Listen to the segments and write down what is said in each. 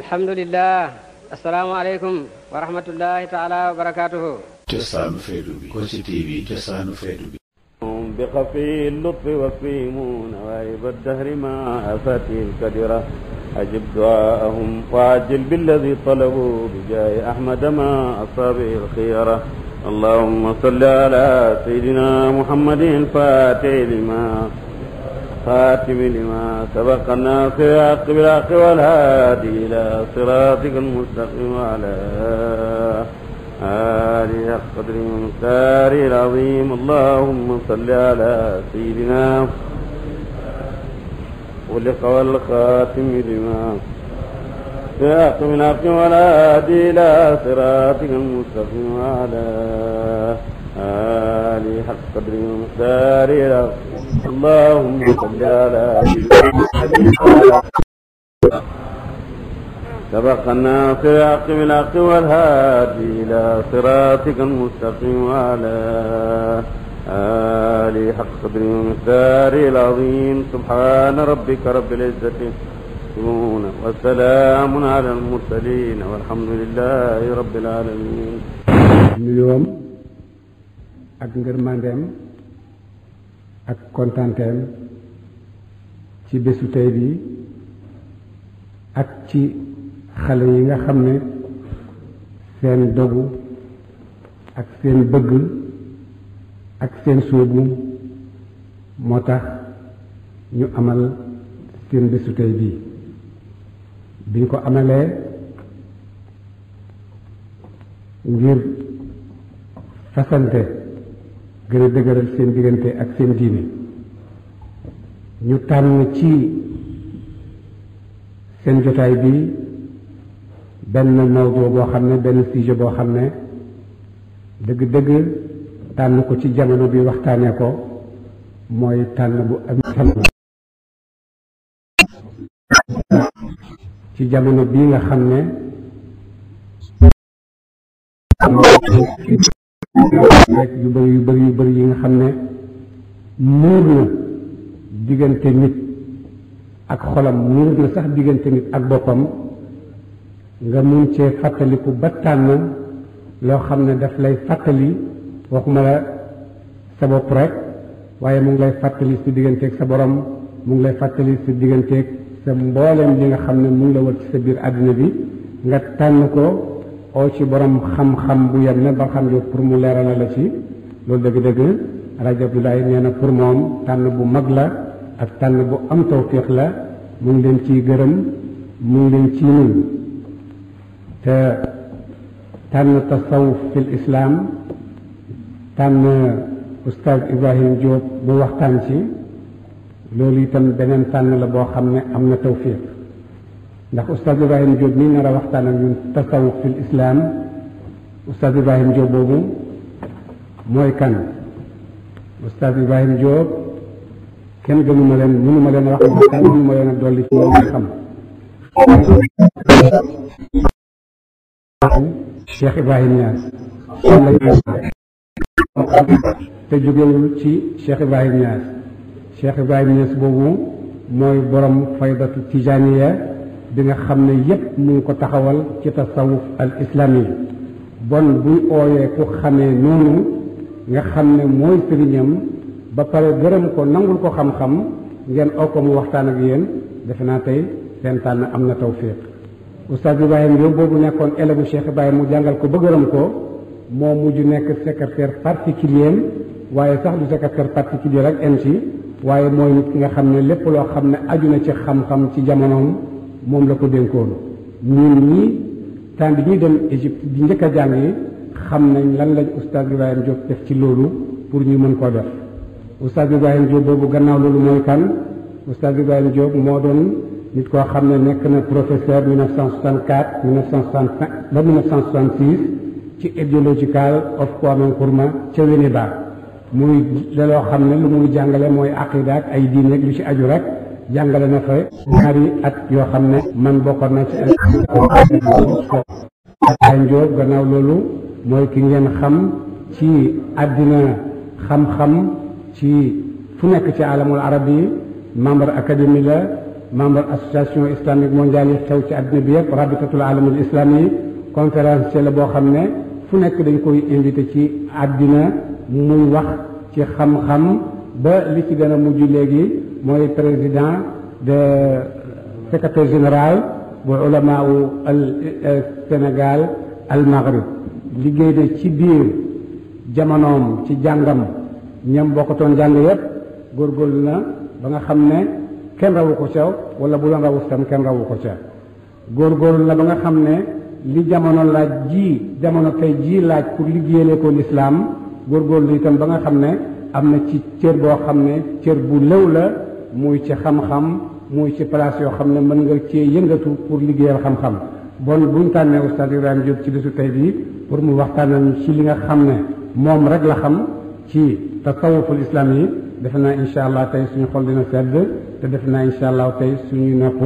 الحمد لله السلام عليكم ورحمة الله تعالى وبركاته جسان فيدوبي كوشي تي في جسان فيدوبي بخفي اللطف وفي مون وعيب الدهر ما آفاته الكدرة أجب دعاءهم وعجل بالذي طلبوا بجاه أحمد ما أصابه الخيرة اللهم صل على سيدنا محمد الفاتح لما الخاتم لما سبق الناصر الحق بالحق والهادي إلى صراطك المستقيم وعلى آله القدر المختار العظيم اللهم صل على سيدنا ولق والخاتم لما سبق من حق والهادي إلى صراطك المستقيم وعلى آله حق قدر المختار العظيم اللهم صل على سبقنا في الحق بالحق والهادي إلى صراطك المستقيم وعلى آله حق قدره ومقداره العظيم سبحان ربك رب العزة يصفون وسلام على المرسلين والحمد لله رب العالمين اليوم ak kontanteem ci bésu tey bi ak ci xale yi nga xam ne seen dogu ak seen bëgg ak seen sóobu moo tax ñu amal seen bésu tey bii biñ ko amalee ngir fasante gën a dëgëral seen diggante ak seen diine ñu tànn ci seen jotaay bi benn mawdo boo xam ne benn sujet boo xam ne dëgg-dëgg tànn ko ci jamono bi waxtaanee ko mooy tànn bu am ci jamono bii nga xam ne nekk yu bari yu bari yu bëri yi nga xam ne muur na diggante nit ak xolam muur na sax diggante nit ak boppam nga mun cee fàttaliku ba tànn loo xam ne daf lay fàttali waxuma la sa bopp rek waaye mu ngi lay fàttali sa digganteek sa borom mu ngi lay fàttali sa digganteeg sa mbooleem li nga xam ne mu ngi la war ci sa biir àddina bi nga tànn ko oo ci borom xam-xam bu yem ne ba pour mu leerala la ci loolu dégg dégg rajo Abdoulaye nee na pour moom tànn bu mag la ak tànn bu am tawfiq la mu ngi leen ciy gërëm mu ngi leen ciy nun te tànn tasawuf fil islaam tànn oustaz Ibrahim Diop bu waxtaan ci loolu itam beneen tànn la boo xam ne am na tawfiq ndax oustaz ibrahim diop mi nar a waxtaan ak ñun tasawuf fi islam oustaz ibrahim diop boobu mooy kan oustaz ibrahim diop kenn gënu ma leen ma leen wax waxtaan ma leen a dolli ci ñoom xam cheikh ibrahim ñaas te jógewul ci cheikh ibrahim nias cheikh ibrahim nias boobu mooy borom faydatu tijaniya bi nga xam ne yépp mu ngi ko taxawal ci tasawuf al islami bon buñ ooyee ku xamee noonu nga xam ne mooy sëriñam ba pare gërëm ko nangul ko xam-xam ngeen aw ko mu waxtaan ak yéen defe naa tey seen tànn am na tawfiq oustaz Ibrahima Diop boobu nekkoon élève Cheikh Ibrahima mu jàngal ko ba gërëm ko moo mujj nekk secrétaire particulier waaye sax du secrétaire particulier rek MC waaye mooy nit ki nga xam ne lépp loo xam ne aju na ci xam-xam ci jamonoom moom la ko dénkoon ñun ñii temps bi ñuy dem Égypte bi njëkk a jàngee xam nañ lan lañ oustaz Ibrahima Diop def ci loolu pour ñu mën koo def oustaz Ibrahima Diop boobu gannaaw loolu mooy kan oustaz Ibrahima Diop moo doon nit koo xam ne nekk na professeur 1964 1965 ba 1966 ci ideological of Kwame Nkrumah ca Winneba muy daloo xam ne lu muy jàngale mooy aqida ak ay diine ak lu ci aju rek. jàngale na fa ñaari at yoo xam ne man bokkoon na ci ay Njóob gannaaw loolu mooy ki ngeen xam ci àddina xam-xam ci fu nekk ci alamul arab yi membre académie la membre association islamique mondiale yi xew ci àddina bi yëpp rabitatul alamul islam yi conférence la boo xam ne fu nekk dañ koy invité ci àddina muy wax ci xam-xam ba li ci gën a mujj léegi mooy président de secrétaire général bu ulamaa wu al euh, Sénégal al Maghrib liggéey na ci biir jamonoom ci jàngam ñam bokkatoon jàng yépp góorgóorlu na ba nga xam ne kenn rawu ko ca wala bu doon rawu tam kenn rawu ko ca góorgóorlu na ba nga xam ne li jamono laaj ji jamono tey jii laaj pour liggéeyale ko lislaam góorgóorlu itam ba nga xam ne am na ci cër boo xam ne cër bu lëw la muy ci xam-xam muy ci place yoo xam ne mën nga cee yëngatu pour liggéeyal xam-xam bon buñ tànnee oustaz Ibrahima Diop ci bisu tey bi pour mu waxtaanal ci li nga xam ne moom rek la xam ci tasawuful islam yi defe naa incha allah tey suñu xol dina sedd te defe naa incha allah tey suñu nopp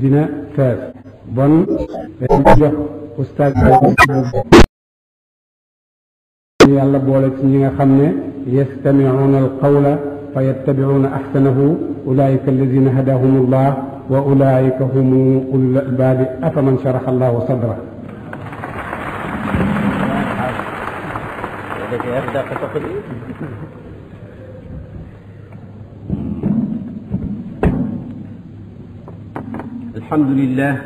dina fees bon dañu eh, jox oustaz yàlla boole ci ñi nga xam ne يستمعون القول فيتبعون أحسنه أولئك الذين هداهم الله وأولئك هم أولو الألباب أفمن شرح الله صدره الحمد لله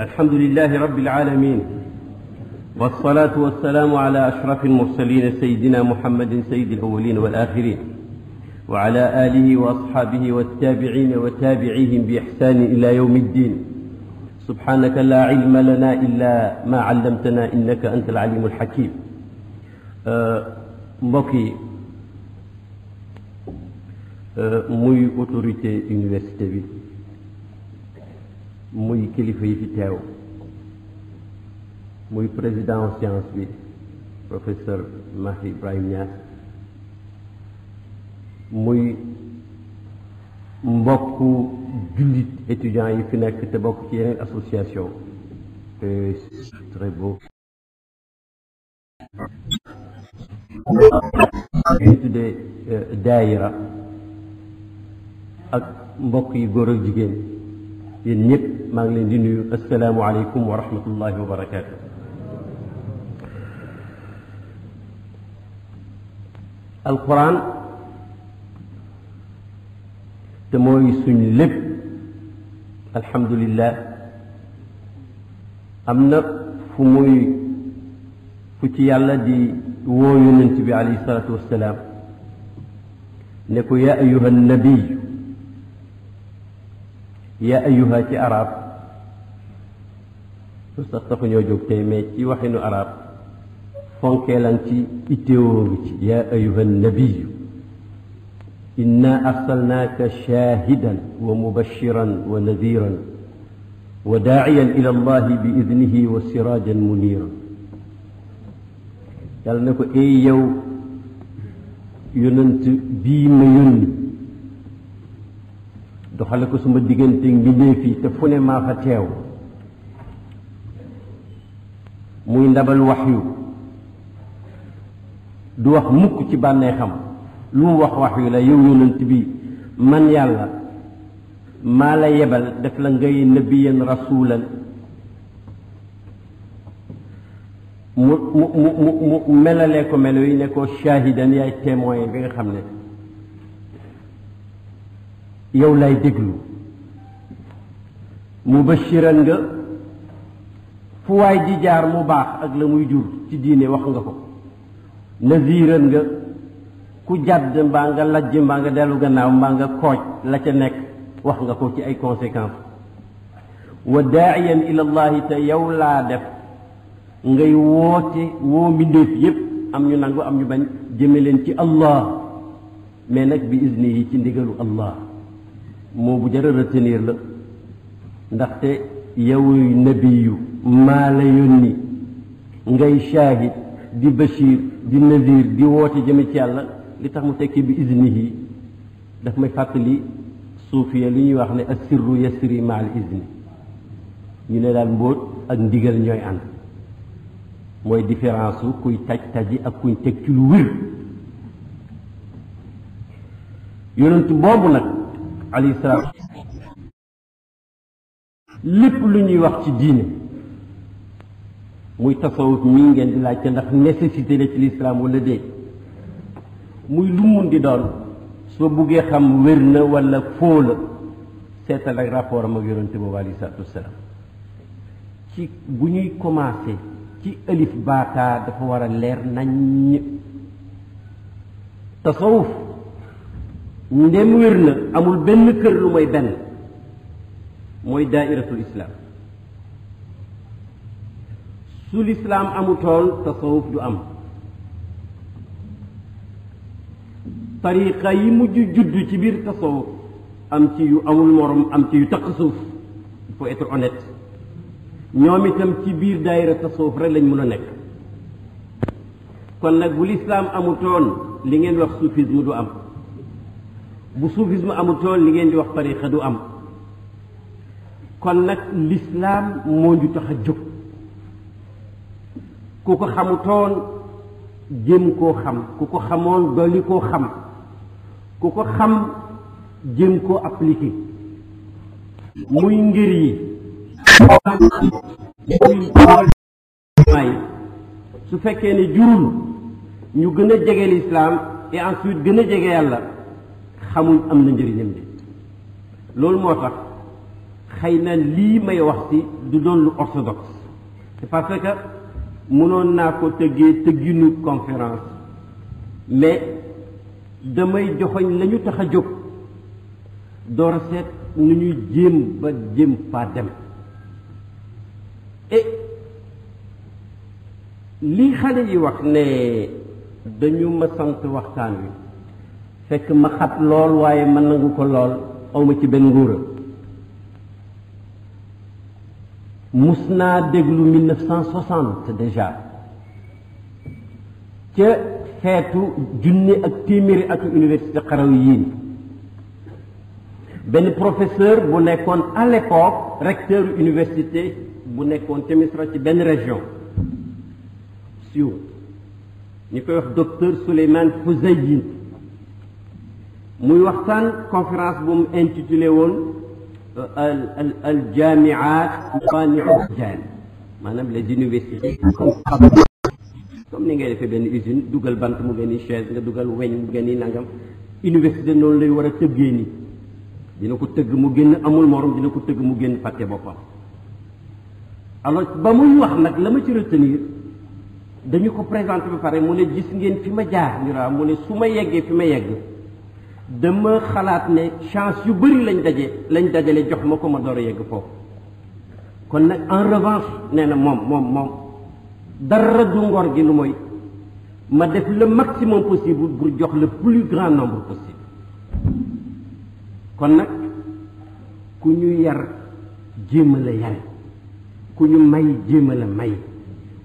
الحمد لله رب العالمين والصلاة والسلام على أشرف المرسلين سيدنا محمد سيد الأولين والآخرين وعلى آله وأصحابه والتابعين وتابعيهم بإحسان إلى يوم الدين سبحانك لا علم لنا إلا ما علمتنا إنك أنت العليم الحكيم مبكي موي أوتوريتي autorité موي bi في تاو muy président science bi professeur Mahdi Ibrahim Niass muy mbokku jullit étudiants yi fi nekk te bokk ci yeneen association c'est très beau ñu tuddee euh, daayira ak mbokk yi góor ak jigéen yéen ñëpp maa ngi leen di nuyu asalaamualeykum wa rahmatullahi wa barakatuh. القرآن تموي سن لب الحمد لله أمنا فموي فتي الله دي ووي ننتبي عليه الصلاة والسلام نكو يا أيها النبي يا أيها تي أراب تستطفن يوجوك تيميتي وحين أراب يا أيها النبي إنا أرسلناك شاهدا ومبشرا ونذيرا وداعيا إلى الله بإذنه وسراجا منيرا قال نكو أي يو يننت بيم يون دخلكو سمب ديغنتي ميلي في تفوني ما فتاو موي ندبل وحيو du wax mukk ci banexam lu wax wax yi la yow yonent bi man yàlla maa la yebal def la ngay nabiyan rasulan mu mu mu mu ko melo yi ne ko shahidan yaay témoin bi nga xamne yow lay déglu mubashiran nga fu way di jaar mu baax ak la muy jur ci diine wax nga ko naziran nga ku jàdd mbaa nga lajj mbaa nga dellu gannaaw mbaa nga kooj la ca nekk wax nga ko ci ay conséquences wa daaiyan ila llahi te yow laa def ngay woote woo mbindéef yépp am ñu nangu am ñu bañ jëmme leen ci allah mais nag bi isni yi ci ndigalu allah moo bu jar a retenir la ndaxte yow nabiyu maa la yónni ngay shaahid di bashir di nazir di woote jëme ci yàlla li tax mu tekki bi isnihi daf may fàttali suufiya li ñuy wax ne assirru yasri al isni ñu ne daal mbóot ak ndigal ñooy ànd mooy différence kuy taj taji ak kuñ teg ci lu wér yonent boobu nag alayhi salaam lépp lu ñuy wax ci diine muy tasawuf mii ngeen di laajte ndax nécessité la ci lislaam wala déet muy lu mun di doon soo buggee xam wér na wala foo seetal ak rapport am ak yonente boobu alayhi salaatu wasalaam ci bu ñuy commencé ci alif baataa dafa war a leer naññ tasawuf ndem wér na amul benn kër lu may benn mooy daairatul islaam su lislaam amutoon tasawuf du am tariqa yi mujj judd ci biir tasawuf am ci yu amul morom am ci yu taq suuf il faut ñoom itam ci biir daayira tasawuf rek lañ mën a nekk kon nag bu lislaam amutoon li ngeen wax soufisme du am bu soufisme amutoon li ngeen di wax tariqa du am kon nag lislaam moo ñu tax a jóg ku ko xamutoon jéem koo xam ku ko xamoon dolli koo xam ku ko xam jéem koo appliquer muy ngir yi muy su fekkee ne jurul ñu gën a jege lislaam et ensuite gën a jege yàlla xamuñ am na njëriñam bi loolu moo tax xëy na lii may wax ci du doon lu orthodoxe c'est parce que mënoon naa ko tëggee tëgginu conférence mais damay joxoñ lañu tax a jóg door a seet ñuy jéem ba jéem faa dem et lii xale yi wax ne dañu ma sant waxtaan wi fekk ma xat lool waaye mën nangu ko lool awma ci benn nguura mus naa déglu 1960 déjà ca feetu junni ak téeméeri atu université Qarawiyyin benn professeur bu nekkoon à l'époque recteur université bu nekkoon ca administratif ci benn région siiw ñu koy wax docteur Souleymane Fouzayin muy waxtaan conférence bu mu intitulé woon aljaamiaat maaniu jaan maanaam les universités comme ni ngay defee benn usine dugal bant mu ngeen ni chaise nga dugal weñ mu ngeen ni nangam université noonu lay war a tëggee ni dina ko tëgg mu génn amul morom dina ko tëgg mu génn fàtte boppam alors ba muy wax nag la ma ci retenir dañu ko présenté bu pare mu ne gis ngeen fi ma jaar ñu ra ah, mu ne su ma yeggee fi ma yegg dama xalaat ne chance yu bari lañ daje lañ dajale jox ma ko ma door a yegg foofu kon nag en revanche nee na moom moom moom dara du ngor gi lu mooy ma def la maximum possible pour jox le plus grand nombre possible kon nag ku ñu yar jéem la yare ku ñu may jéem may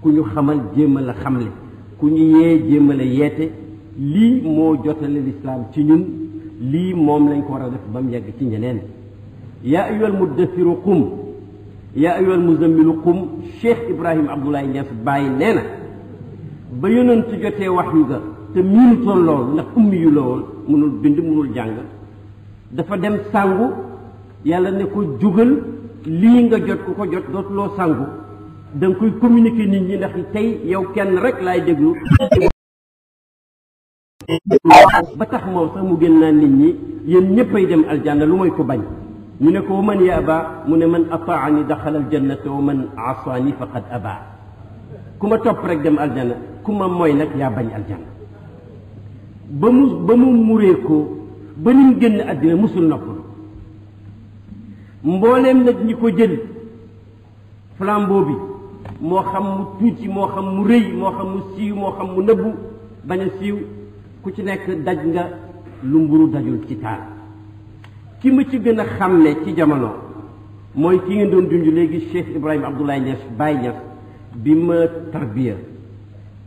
ku ñu xamal jéem la xamle ku ñu yee jéem a yeete lii moo jotale lislaam ci ñun lii moom lañ ko war a def ba mu yegg ci ñeneen yaa mu muddassiru qum yaa mu muzammilu qum Cheikh Ibrahim Abdoulaye Niass bàyyi nee na ba yonent jotee wax yu ga te miinutoon loolu ndax ummi yu la mënul bind mënul jàng dafa dem sàngu yàlla ne ko jógal lii nga jot ku ko jot dootuloo sàngu da nga koy communiquer nit ñi ndax tey yow kenn rek laay déglu ba tax moom sax mu génn naan nit ñi yéen ñëppay dem aljanna lu mooy ko bañ ñu ne ko man yaaba mu ne man ataani daxala aljannata wa man asaani ku ma topp rek dem aljanna ku ma mooy nag yaa bañ aljanna ba mu ba mu muree ko ba ni génn àddina musul noppalu mbooleem nag ñi ko jël flambeau bi moo xam mu tuuti moo xam mu rëy moo xam mu siiw moo xam mu nëbbu bañ a siiw ku ci nekk daj nga lu mburu dajul ci taal ki ma ci gën a xam ne ci jamono mooy ki ngeen doon junj léegi Cheikh Ibrahima Abdoulaye Niass Baye Niass bi ma tarbiya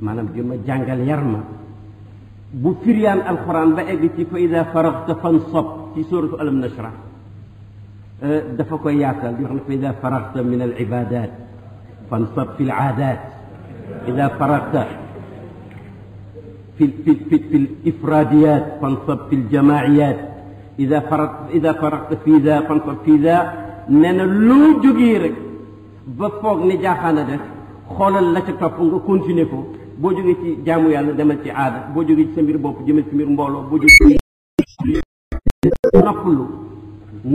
maanaam bi ma jàngal yar ma bu firiyaan alxuraan ba egg ci fa ida faragta fansab ci suratu alam nashrah euh, dafa koy yaatal di wax ne fa ida faragta min al ibadat fansab fi al aadat ida faragta في, في, في, في الإفراديات فانصب في الجماعيات إذا فرقت إذا فرقت في ذا فانصب في ذا nee na loo jógee rek ba foog ne jaaxaan a def xoolal la ca topp nga continuer ko boo jógee ci jaamu yàlla demal ci aada boo jógee ci sa mbir bopp jëmal ci mbir mbooloo boo jógee noppalu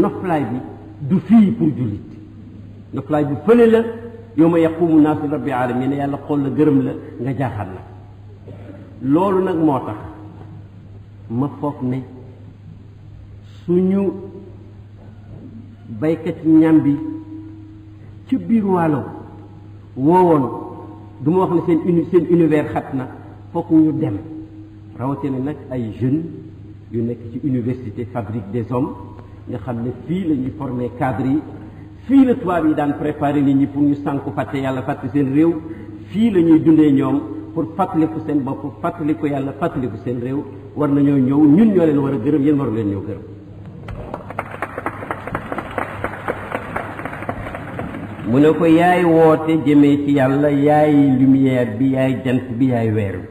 noflaay bi du fii pour jullit noflaay bi fële la yow ma yaqumu naasu rabbi alamina yàlla xool la gërëm la nga jaaxaan la loolu nag moo ma foog ne suñu baykat ñambi ci biir du wax univers ñu dem rawatina nag ay jeunes yu université fabrique des hommes nga xam ne fii la former cadre yi fii la tubaab yi daan préparer nit ñi pour ñu sànku fàtte yàlla fàtte seen réew fii pour fàttaliku seen bopp fàttaliku yàlla fàttaliku seen réew war nañoo ñëw ñun ñoo leen war a gërëm yéen waru leen ñëw gërëm mu ne ko yaay woote jëmee ci yàlla yaay lumière bi yaay jant bi yaay weer bi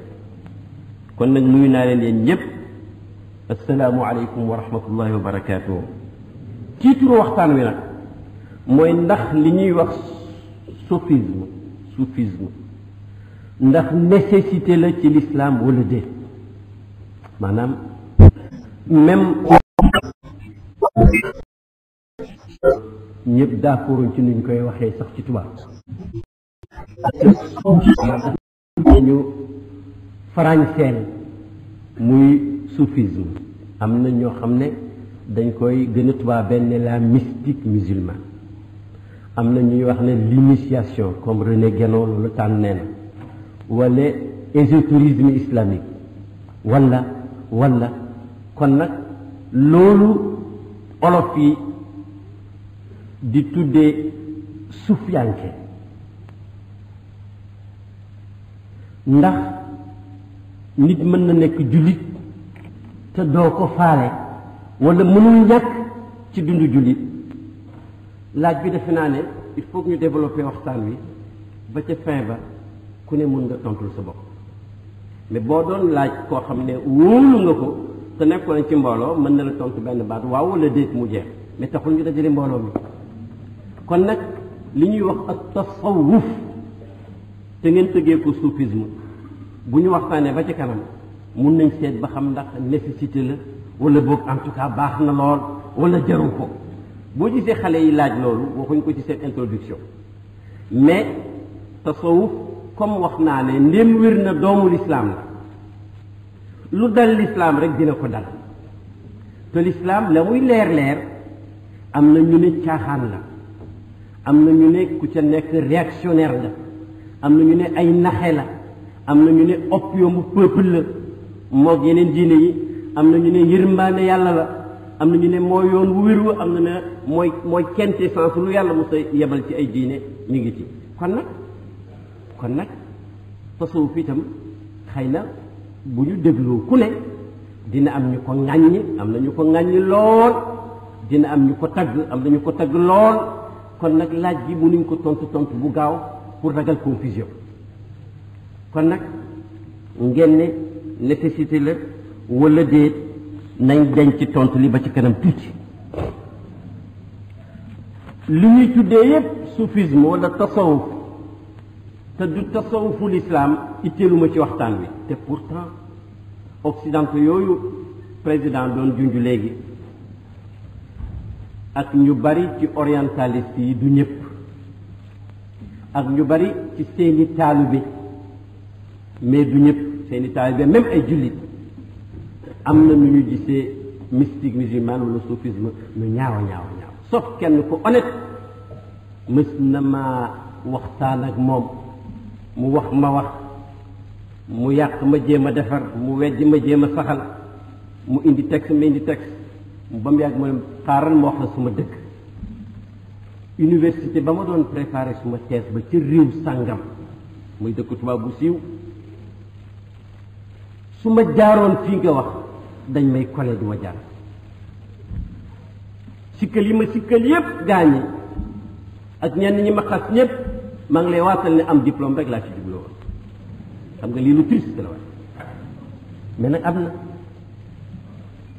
kon nag nuyu naa leen yéen ñëpp asalaamu aleykum wa rahmatullahi wa barakaatuhu ci waxtaan wi nag mooy ndax li ñuy wax soufisme ndax nécessité la ci l'islam wala déet maanaam même ñëpp d'accorduñ ci nuñ koy waxee sax ci tubaab ñu français muy soufisme am na ñoo xam ne dañ koy gën a tubaabee ne la mystique musulman am na ñuy wax ne l'initiation comme René Guénon loolu tànn nee na wala ésotourisme islamique wala wala kon nag loolu olof yi di tuddee sufiyanke ndax nit mën na nekk jullit te doo ko faale wala mënul ñàkk ci dundu jullit laaj bi defe naa ne il faut ñu développer waxtaan wi ba ca fin ba ku ne mun nga tontul sa bopp mais boo doon laaj koo xam ne wóolu nga ko te nekkoon ci mbooloo mën na la tontu benn baat waaw wala déet mu jeex mais taxul ñu dajale mbooloo mi kon nag li ñuy wax ak tasawuf te ngeen tëggee ko soufisme bu ñu waxtaanee ba ci kanam mun nañ seet ba xam ndax nécessité la wala boog en tout cas baax na lool wala jaru ko boo gisee xale yi laaj loolu waxuñ ko ci seen introduction mais tasawuf comme wax naa ne ndéem wér na doomu lislaam la lu dal lislaam rek dina ko dal te lislaam la muy leer leer am na ñu ne caaxaan la am na ñu ne ku ca nekk réactionnaire la am na ñu ne ay naxe la am na ñu ne opium peuple la moog yeneen diine yi am na ñu ne yërmbaane yàlla la am na ñu ne mooy yoon wu wér wa am na ne mooy mooy quintessence lu yàlla mos a yebal ci ay diine ñu ngi ci kon nag kon nag tasawuf itam xëy na bu ñu dégloo ku ne dina am ñu ko ŋàññi am na ko ŋàññi lool dina am ñu ko tagg am na ñu ko tagg lool kon nag laaj bi mënuñ ko tontu tontu bu gaaw pour ragal confusion kon nag ngeen ne nécessité la wala déet nañ denc ci tontu li ba ci kanam tuuti li ñuy tuddee yépp soufisme walla tasawuf te du tasawufu l'islam itteelu ma ci waxtaan wi te pourtant occidentaux yooyu président doon junj léegi ak ñu bari ci orientaliste yi du ñëpp ak ñu bari ci seeni taalibe mais du ñëpp seeni taalibe même ay jullit am na nu ñu gisee mystique musulman wala soufisme nu ñaawa ñaawa ñaaw sauf kenn ku honnête mës na maa waxtaan ak moom mu wax ma wax mu yàq ma jéem a defar mu wejj ma jéem a saxal mu indi texte ma indi texte ba mu yàgg ma ne xaaral ma wax la suma dëkk université ba ma doon préparé suma thèse ba ci réew sàngam muy dëkku tubaab bu siiw su ma jaaroon fii nga wax dañ may collé du ma jaar sikkal yi ma sikkal yépp gaañi ak ñenn ñi ma xas ñépp maa ngi lay waatal ne am diplôme rek laa ci jublu woon xam nga lii lu triste la waay mais nag am na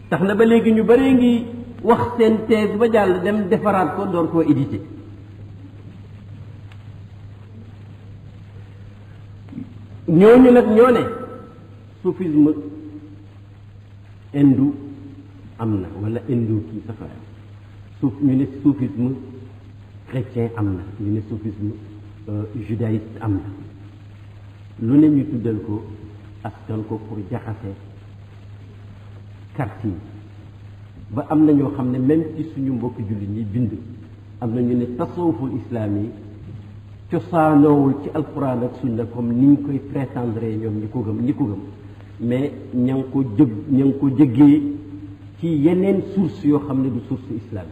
tax na ba léegi ñu bëree ngi wax seen thèse ba jàll dem defaraat ko door koo édité ñooñu nag ñoo ne soufisme indu am na wala indu kii safa suuf ñu ne soufisme chrétien am na ñu ne soufisme Euh, judaïsme am na lu ne ñu tuddal ko askan ko pour jaxase quartier ba am na ñoo xam ne même ci suñu mbokki jullit ñi bind am na ñu ne tasawuful islaam yi cosaanoowul ci alquran ak sunna comme ni ñu koy prétendre ñoom ñi ko gëm ñi ko gëm mais ña ngi ko jëg ña ko jëggee ci yeneen source yoo xam ne du source islam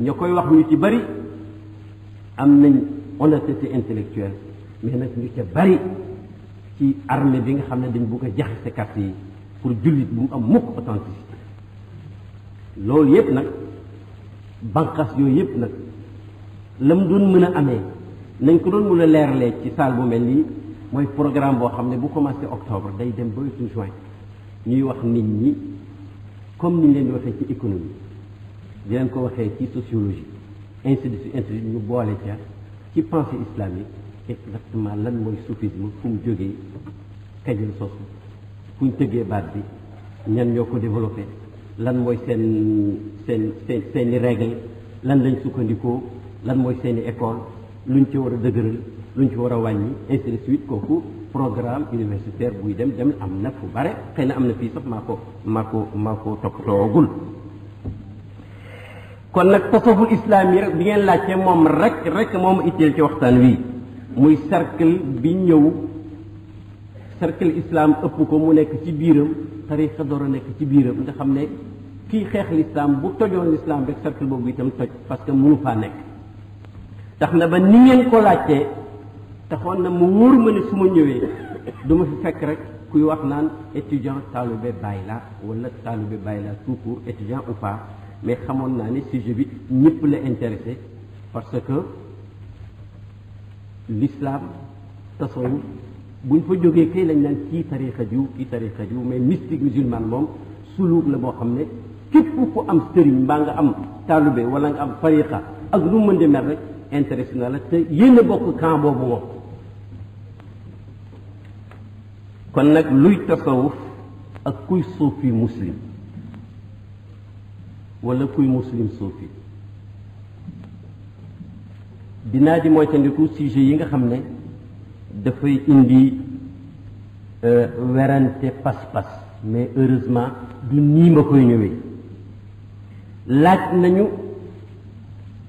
ña koy wax ñu ci bari am nañ honnêteté intellectuelle mais nak ñu ci bari ci armée bi nga xamne ne dañ bugg jax ci carte yi pour julit bu am mukk authenticité lool yépp nak bankas yoy yépp nak lam doon mëna amé nañ ko doon mëna a leeralee ci salle bu melni moy programme bo xamne bu commencé octobre day dem ba wetu juin ñuy wax nit ñi comme ni ñu leen di ci économie di leen ko waxé ci sociologie ainsi de suite ainsi de suite ñu boole ci ci pensée islamique exactement lan mooy soufisme fu mu jógee kañ la sosu fu ñu tëggee baat bi ñan ñoo ko développé lan mooy seen seen seen seen i lan lañ sukkandikoo lan mooy seen i école luñ ci war a dëgëral luñ ci war a wàññi ainsi de suite kooku programme universitaire buy dem dem am na fu bare xëy na am na fii sax maa ko maa ko maa ko kon nag tasawuf islaam yi rek bi ngeen laajte moom rek rek moom itteel ci waxtaan wi muy cercle bi ñëw cercle islaam ëpp ko mu nekk ci biiram tariqa door a nekk ci biiram nga xam ne kii xeex lislaam bu tojoon lislaam rek cercle boobu itam toj parce que mënu faa nekk tax na ba ni ngeen ko laajtee taxoon na mu wóor ma ne su ma ñëwee du ma fi fekk rek kuy wax naan étudiant taalube bàyyi la wala taalube bàyyi la tout court étudiant mais xamoon naa ni sujet bi ñëpp la intéressé parce que l'islam tasawuf buñ fa jógee kay lañ naan kii tariqa jiw kii tariqa jiw mais mystique musulman moom suluuk la boo xam ne képp ku am sëriñ mbaa nga am taalube wala nga am tariqa ak lu mën di mel rek intéressé na la te yéen a bokk camp boobu moom kon nag luy tasawuf ak kuy suufi muslim ولا كوي مسلم صوفي بنادي موي تانديكو سيجي ييغا خامني دا فاي اندي ورانتي باس باس مي هورزمان دو ني ماكوي نيوي لاج نانيو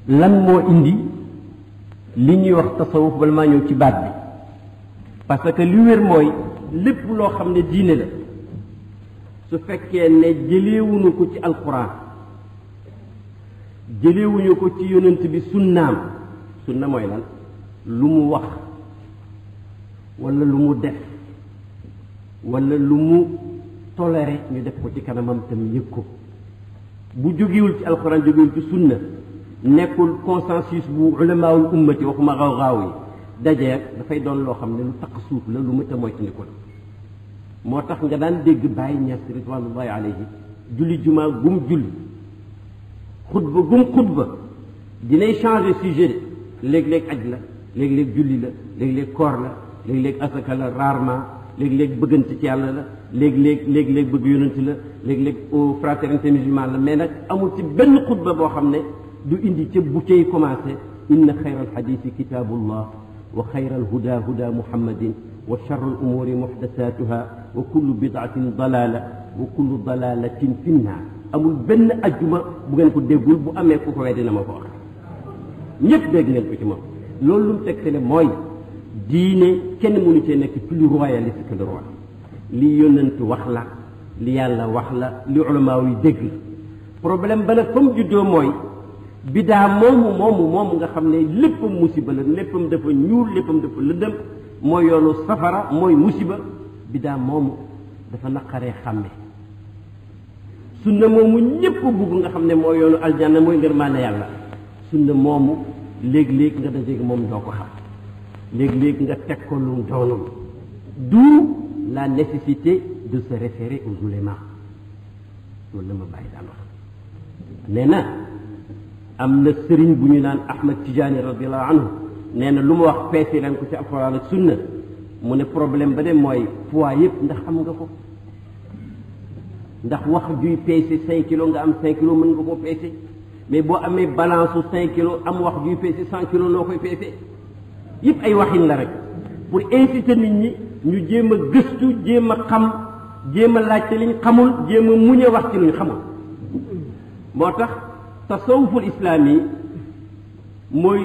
لان مو اندي لي ني واخ تصوف بل ما نيو سي باد بي باسكو لي وير موي لب لو خامني دين لا su fekkee ne ko ci alquran jëlewuñu ko ci yonent bi sunnaam sunna mooy lan lu mu wax wala lu mu def wala lu mu toléré ñu def ko ci kanamam tam yëg ko bu jógewul ci alxuraan jógewul ci sunna nekkul consensus bu ulamaawul ummati waxuma xaw xaaw yi dajeer dafay doon loo xam ne lu taq suuf la lu mëta moytandiku la moo tax nga daan dégg bàyyi ñees ridwanullahi alayhi julli jumaa gum julli خطبه قم خطبه دي شانجي سيجي ليك ليك اجلا ليك ليك جولي لا ليك ليك كور لا ليك ليك اسكا لا رارما ليك ليك بغنت تي الله لا ليك ليك ليك ليك بغ يونت لا ليك ليك او فراترنتي مسلمان لا مي نا امول تي بن خطبه بو خامني دو اندي تي بو تي كومانسي ان خير الحديث كتاب الله وخير الهدى هدى محمد وشر الامور محدثاتها وكل بضعه ضلاله وكل ضلاله في النار amul benn ajjuma bu ngeen ko déggul bu amee ku ko weddi na ma ko wax ñëpp dégg ngeen ko ci moom loolu teg mu tegtale mooy diine kenn mënu cee nekk plus royaliste que le roi li yónnent wax la li yàlla wax la li ulama yi dégg problème ba nag fa juddoo mooy bidaa moomu moomu moomu nga xam ne léppam musiba la léppam dafa ñuul léppam dafa lëndëm mooy yoonu safara mooy musiba bidaa moomu dafa naqaree xàmme sunna moomu ñépp bugg nga xam ne mooy yoonu aljanna mooy ngërmaane yàlla sunna moomu léeg-léeg nga dajeeg moom doo ko xam léeg-léeg nga teg ko lu doonul d'où la nécessité de se référer aux oulémas loolu la ma bàyyi daan wax nee na am na sëriñ bu ñu naan Ahmad Tijaani radiallahu anhu nee na lu ma wax peese leen ko ci alxuraan ak sunna mu ne problème ba de mooy poids yëpp ndax am nga ko ndax wax juy peese cinq kilos nga am cinq kilos mën nga ko peese mais boo amee balance su cinq kilos am wax juy peese cent kilos noo koy peese yëpp ay waxin la rek pour inciter nit ñi ñu jéem a gëstu jéem a xam jéem a laajte liñ xamul jéem a muñe wax ci luñ xamul moo tax tasawuful islaam yi mooy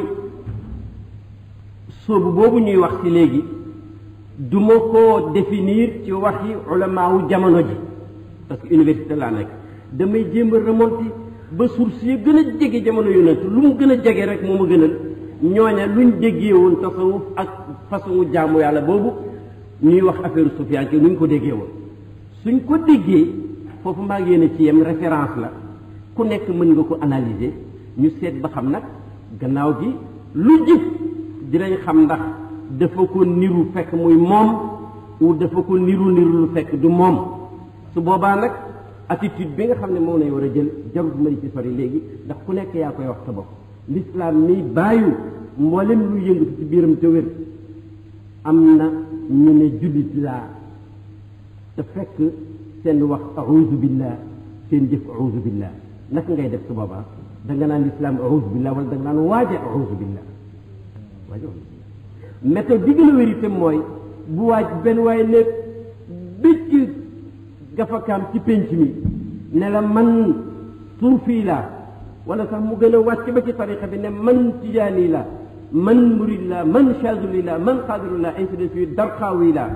sóobu boobu ñuy wax ci léegi duma ko définir ci waxi ulamaawu jamono ji parce que université laa nekk damay jéem a remonter ba source yi gën a jege jamono yonent lu mu gën a jege rek moo ma gënal ñooña luñ déggee woon tasawuf ak façon jaamu yàlla boobu ñuy wax affaire sufiyaan ki nuñ ko déggee woon suñ ko déggee foofu maa ngi ci yem référence la ku nekk mën nga ko analyser ñu seet ba xam nag gannaaw gi lu jëf dinañ xam ndax dafa ko niru fekk muy moom ou dafa ko niru niru lu fekk du moom su boobaa nag attitude bi nga xam ne moom lañ war a jël jarut ma ci sori léegi ndax ku nekk yaa koy wax sa bopp lislaam ni bàyyu mboolem lu yëngatu ci biiram te wér am na ñu ne jullit laa te fekk seen wax auzu billah seen jëf auzu billah naka ngay def su boobaa da nga naan lislaam auzu billah wala da nga naan waaje auzu billah waaje auzu billah méthode bi gën wér itam mooy bu waaj benn waay ne bëcc gafakaam ci pénc mi ne la man suufii la wala sax mu gën a wàcc ba ci tariqa bi ne man tijaani la man murid la man chazuli la man xaadiru la ainsi de suite darxaawi la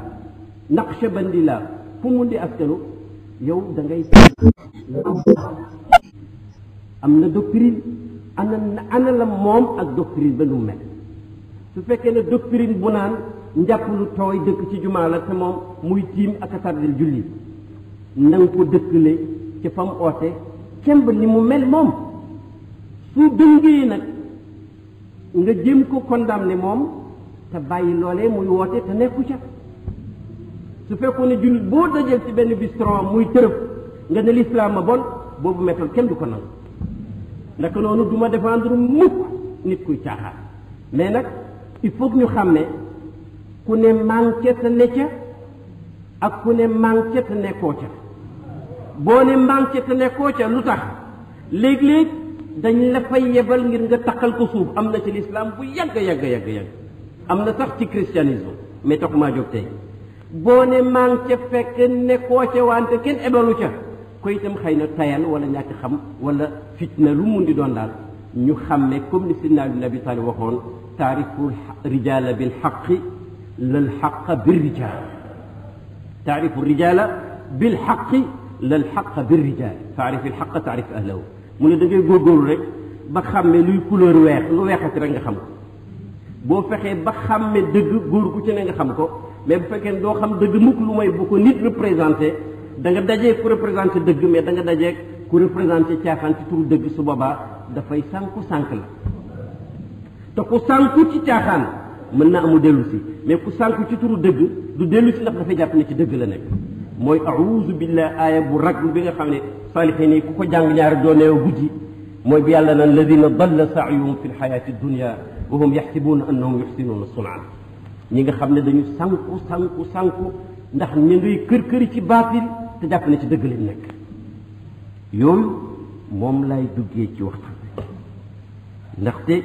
naqshabandi la fu yow da am na doctrine ana la moom ak doctrine ba nu mel su fekkee ne doctrine bu naan njàpp lu tooy dëkk ci jumaa la te moom muy tiim ak a julli na nga ko dëkkale ci fam oote kemb ni mu mel moom su dëngee nag nga jëm ko kondam condamné moom te bàyyi loolee muy woote te nekku ca su fekkoon ne jullit boo dajeel ci benn bistro muy tërëf nga ne lislaam ma bon boobu méthode kenn du ko nangu naka noonu du ma défendre mukk nit kuy caaxaan mais nag i faut ñu xam ne ku ne manqué te ne ca ak ku ne manqué te nekkoo ca boone ne manqué te nekkoo ca lutax leg leg dañ la fay yebal ngir nga takal ko suuf amna ci l'islam bu yàgg yàgg yàgg yàgg amna na sax ci christianisme mais tok ma jóg tey boone ne manqué fekk nekkoo ca wante ken ebalu ca ko itam xeyna tayal wala ñak xam wala fitna lu mun di doon daal ñu xamé comme li sinna ibn abi talib waxoon taarifu rijala bil xaqi lal xaqa bir rijal taarifu rijala lal xaqa bir rijaal taarif il xaqa taarif ahlahu mu ne da góor góorgóorlu rek ba xàmme luy couleur weex lu weexati rek nga xam ko boo fexee ba xàmme dëgg góor ku ci ne nga xam ko mais bu fekkee doo xam dëgg mukk lu may bu ko nit représenté da nga dajee ku représenté dëgg mais danga nga dajee ku représenté caaxaan ci turu dëgg su boobaa dafay sànku sànk la te ku sànku ci caaxaan mën na amu dellu si mais ku sànku ci turu dëgg du dellu si ndax dafay jàpp ne ci dëgg la nekk mooy auzu billah aaya bu raglu bi nga xam ne saalixiin yi ku ko jàng ñaar doo neew guddi mooy bi yàlla naan ladina dalla saayuhum fi lxayaati dunia wa hum yaxsibuuna annahum yuxsinuuna sunaa ñi nga xam ne dañu sanku sanku sanku ndax ñu ngay kër këri ci baatil te jàpp ne ci dëgg lañ nekk yooyu moom lay duggee ci waxtaan ndaxte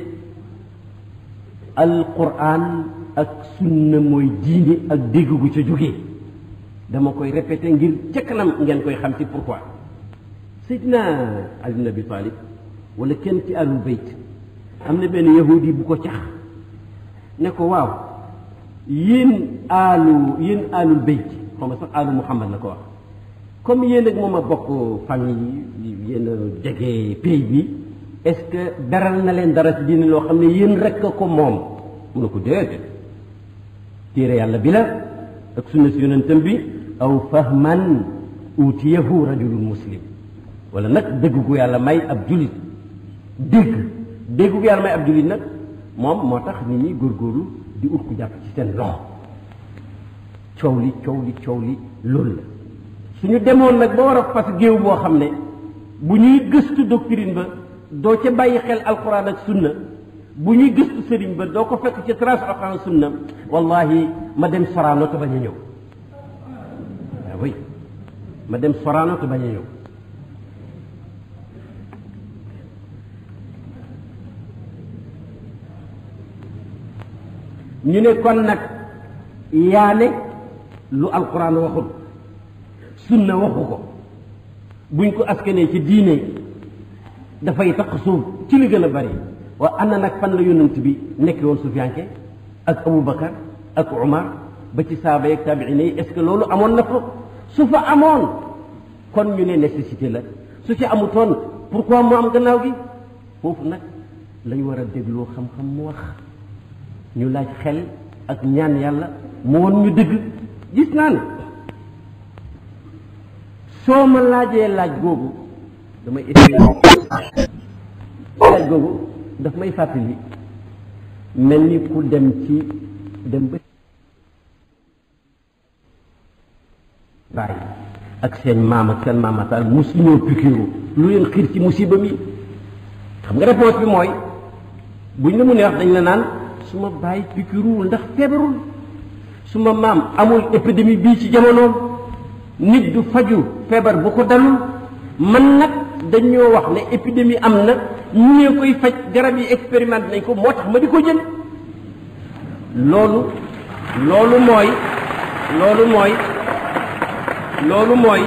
alquran ak sunna mooy diine ak dégg gu ca jógee dama koy répété ngir ca kanam ngeen koy xam ci pour Seydina Ali ibn Abi Talib wala kenn ci alul bayt am na benn yahudi bu ko cax ne ko waaw yéen alu yéen alul bayt xaw ma sax alu Muhammad la ko wax comme yéen ak moom a bokk famille yéen jege pays bi est-ce que beral na leen dara ci diine loo xam ne yéen rek ko moom mu ne ko déedéet téere yàlla bi la ak sunna si yonentam bi aw fahman utiyahu rajulun muslim wala nag dégg gu yàlla may ab julit dégg dégg gu yàlla may ab julit nag moom moo tax nit ñi góorgóorlu di ut ku jàpp ci seen loxo coow li coow li coow li loolu la suñu demoon nag ba war a fas géew boo xam ne bu ñuy gëstu doctrine ba doo ca bàyyi xel alquran ak sunna bu ñuy gëstu sëriñ ba doo ko fekk ci trace alquran ak sunna wallahi ma dem soraano te bañ a ñëw ma dem Sorano te bañ a ñëw ñu ne kon nag yaane lu alquran waxul sunna waxu ko buñ ko askanee ci diine dafay taq suuf ci li gën a bari waa ana nag fan la yonent bi nekk woon sufiyanke ak Aboubacar ak Omar ba ci saaba yeeg tabiina yi est ce que loolu amoon na fa su fa amoon kon ñu ne nécessité la su ci amutoon pourquoi mu am gannaaw gi foofu nag lañ war a dégloo xam-xam mu wax ñu laaj xel ak ñaan yàlla mu woon ñu dëgg gis naa ne soo ma laajee laaj googu damay essayer laaj googu daf may fàttali mel ni ku dem ci dem ba bàyyi ak seen maam ak seen maam Sall mus ñoo pikiru lu leen xiir ci musiba mi xam nga réponse bi mooy buñ la mu neex dañ la naan su ma bàyyi pikiruwul ndax feebarul su ma maam amul épidémie bii ci jamonoom nit du faju feebar bu ko dalul man nag dañoo wax ne épidémie am na ñu ne koy faj garab yi expérimenté nañ ko moo tax ma di ko jël loolu loolu mooy loolu mooy loolu mooy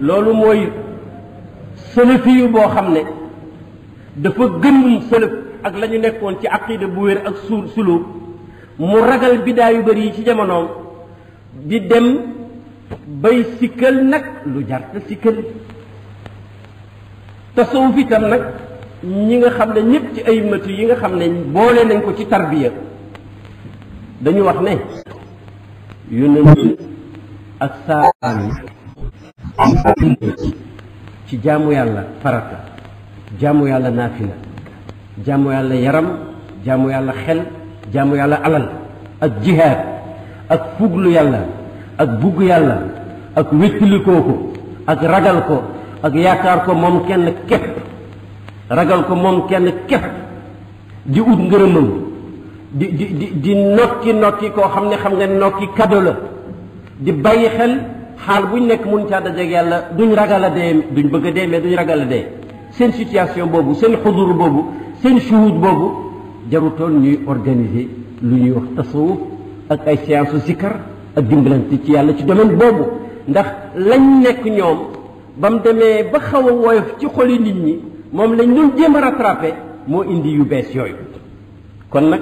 loolu mooy salafiyu boo xam ne dafa gëmum salaf ak la ñu nekkoon ci aqida bu wér ak suul suluk mu ragal biddaa yu bëri yi ci jamonoom di dem bay sikkal nag lu jar te sikkal tasawuf itam nag ñi nga xam ne ñëpp ci ay matu yi nga xam ne boole nañ ko ci tarbiya dañu wax ne yónent ak saanu ci jaamu yàlla farata jaamu yàlla naafila jaamu yàlla yaram jaamu yàlla xel jaamu yàlla alal ak jihaad ak fuglu yàlla ak bugg yàlla ak wéttalikoo ko ak ragal ko ak yaakaar ko moom kenn képp ragal ko moom kenn képp di ut ngërëmam di di di di nokki nokki koo xam ne xam nga nokki kado la di bàyyi xel xaal buñ nekk mun caa dajeeg yàlla duñ ragal a dee duñ bëgg a dee mais duñ ragal a dee seen situation boobu seen xudur boobu seen shuhud boobu jarutoon ñuy organiser lu ñuy wax tasawuf ak ay séance zikkar ak dimbalante ci yàlla ci domaine boobu ndax lañ nekk ñoom ba mu demee ba xaw a woyof ci xoli nit ñi moom lañ doon jéem a rattrapé moo indi yu bees yooyu kon nag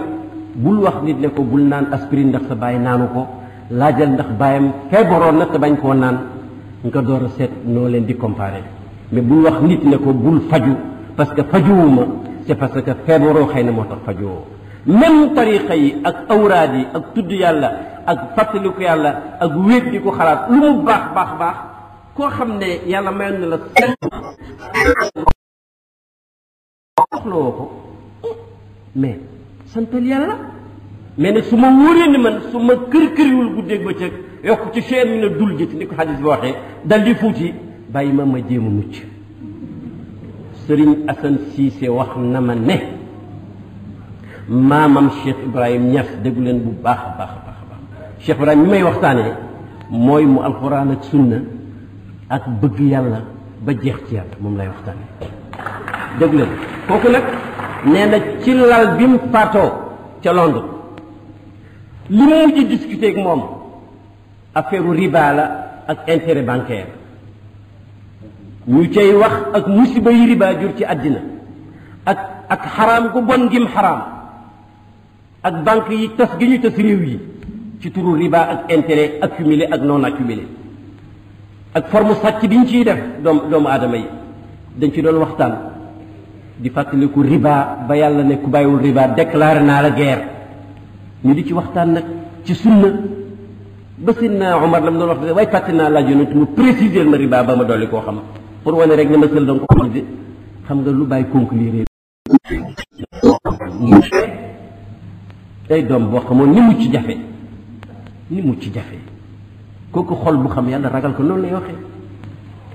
bul wax nit ne ko bul naan aspirine ndax sa bàyyi naanu ko laajal ndax bàyyam feebaroon na te bañ koo naan nga door a seet noo leen di comparer mais bul wax nit ne ko bul faju parce que fajuwuma c'est parce que feebaroo xëy na moo tax fajuwoo même tariqa yi ak awraad yi ak tudd yàlla ak fàttaliku yàlla ak wéet di ko xalaat lu mu baax baax baax koo xam ne yàlla mayoon na la set soxlawoo ko mais santal yàlla mais nag su ma wóoree ni man su ma kër këriwul guddeeg bëccëg yokk ci seen mi na dul jëti ni ko xadis bi waxee dal di fuuti bàyyi ma ma jéem a mucc sëriñ asan Cissé wax na ma ne maamam Cheikh Ibrahim Niass déglu leen bu baax a baax a baax a baax Cheikh Ibrahim mi may waxtaanee mooy mu alxuraan ak sunna ak bëgg yàlla ba jeex ci yàlla moom lay waxtaanee déglu kooku nag nee na ci lal bi mu faatoo ca Londres li mu mujj discuter moom affaire riba la ak intérêt bancaire ñu cay wax ak musiba yi riba jur ci àddina ak ak xaraam gu bon gim xaraam ak banque yi tas gi ñu tas réew yi ci turu riba ak intérêt ak non accumulé ak forme sàcc bi ñu ciy def doom doomu aadama yi dañ ci doon waxtaan di fàttaliku riba ba yàlla ne ku bàyyiwul riba déclaré naa la guerre ñu di ci waxtaan nag ci sunna ba sidna Omar la mu doon wax de waaye fàtte naa laaj yonent mu préciser ma riba ba ma dolli koo xam pour wane rek ne ma sël doon ko xam xam nga lu bàyyi conclure day doom boo xamoon ni mu ci jafe ni mu ci jafe kooku xol bu xam yàlla ragal ko noonu lay waxee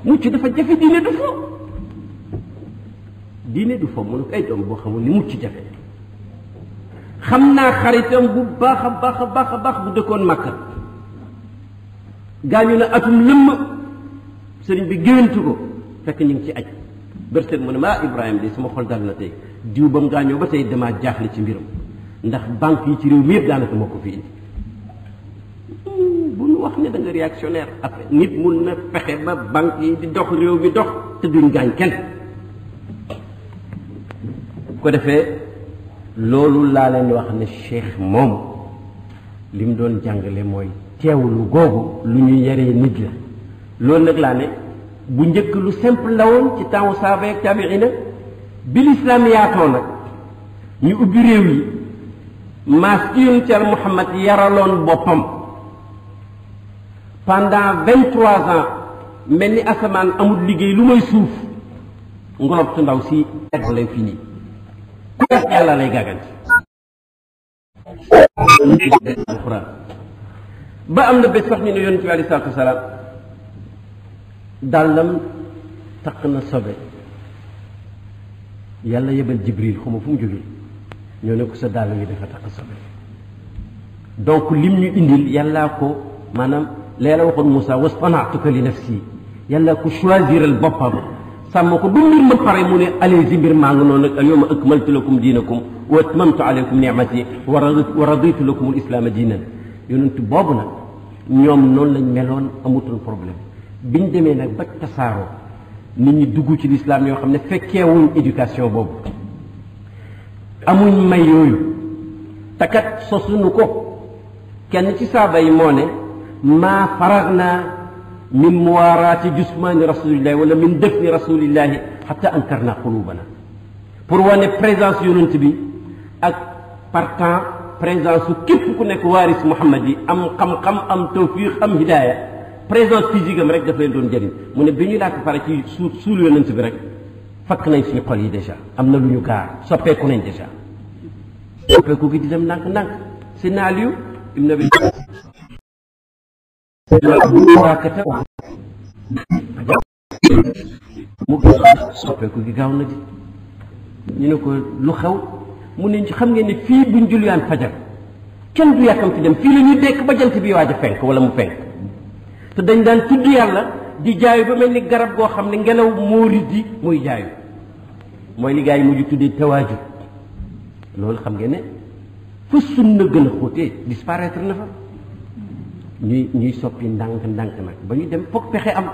mucc dafa jafe diine du fo diine du fo mu ne ko ay doom boo xamoon ni mucc jafe xam naa xaritam bu baax a baax a baax bu dëkkoon Makka gaañu na atum lëmm sëriñ bi géwantu ko fekk ñu ngi ci aj seen mu ne ma ah, ibrahim de suma xol dal na tey diw ba mu gaañoo ba tey damaa jaaxle ci mbiram ndax banque yi ci réew mi yëpp daanaka moo ko fi indi bu ñu wax ne da nit mun na réew mi dox te duñ gaañ kenn ko defee loolu laa leen wax ne cheikh moom li doon jàngale mooy teewlu googu lu ñu yaree nit la loolu nag laa ne bu njëkk lu simple la woon ci temps saaba ak tabiina ñu ubbi réew yi maas ki yun cal Muhammad yaraloon boppam pendant vingt mel ni asamaan amul liggéey lu may suuf ngolob ndaw si lay fini yàlla lay gàgganti alquran ba am na bés sax ñu ne yonent bi alei salatu wasalaam dàllam taq na sobe yàlla yebal jibril xuma fu mu jógee ñoo ne ko sa dàll yi dafa taq sobe donc lim ñu indil yàllaa ko maanaam leela waxoon Moussa wastanatuka li nafsi yàllaa ko choisiral boppam sàmm ko ba mbir ma pare mu ne allez si mbir maa ngi noonu nag al yawma akmaltu lakum diinakum wa atmamtu alaykum nicmati wa raditu lakum al islaama diinan yonent boobu nag ñoom noonu lañ meloon amutoon problème biñ demee nag ba tasaaroo nit ñi dugg ci lislaam yoo xam ne fekkeewuñ éducation boobu amuñ may yooyu takat sosunu ko kenn ci saaba yi moo ne maa farar naa من مواراة جثمان رسول الله ولا من دفن رسول الله حتى أنكرنا قلوبنا pour wane présence yonent bi ak par temps présence képp ku nekk waaris muhammad yi am xam-xam am tawfiq am hidaaya présence physique am rek daf leen doon jëriñ mu ne bi ñu làkk pare ci suul suul yonent bi rek fakk nañ suñu xol yi dèjà am na lu ñu gaar soppeeku nañ dèjà soppeeku gi di dem ndànk ndànk si naal yu ibn abi ka tabax mu soppeeku gi gaaw na ñu ne ko lu xew mu ne xam ngeen ne fii buñ julliyaan fajar kenn du yàkkamti dem fii la ñuy ba jant bi waaj a fenk wala mu fenk te dañ daan tudd yàlla di jaayu ba mel ni garab goo xam ne ngelaw moo riddi muy jaayu mooy li gaa yi tuddee tawaaju loolu xam ngeen ne fa sunna gën a xóotee disparaître na fa ñuy ñuy soppi ndànk ndànk nag ba ñu dem foog pexe am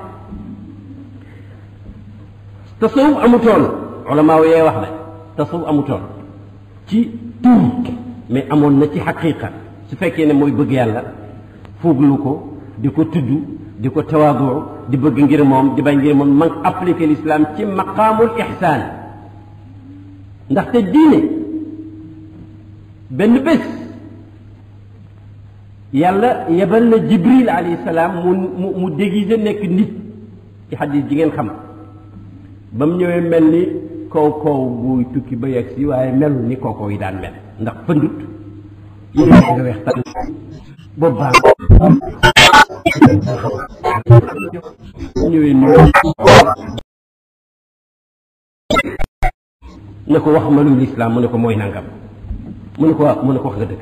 tasawuf amutoon ulama yee wax ne tasawuf amutoon ci tur mais amoon na ci xaqiqa su fekkee ne mooy bëgg yàlla fuuglu ko di ko tudd di ko tawaadoo di bëgg ngir moom di bañ ngir moom man appliqué l'islam ci maqaamul ixsaan ndaxte diine benn bés yàlla yebal na jibril alayhi mu mu mu déguisé nekk nit ci xadis ji ngeen xam ba mu ñëwee mel ni kaw kaw buy tukki ba yegg si waaye melul ni kaw kaw yi daan mel ndax fëndut yéen a nga ni ko wax ma luy lislaam mu ne ko mooy nangam mu ne ko waaw mu ne ko wax nga dëgg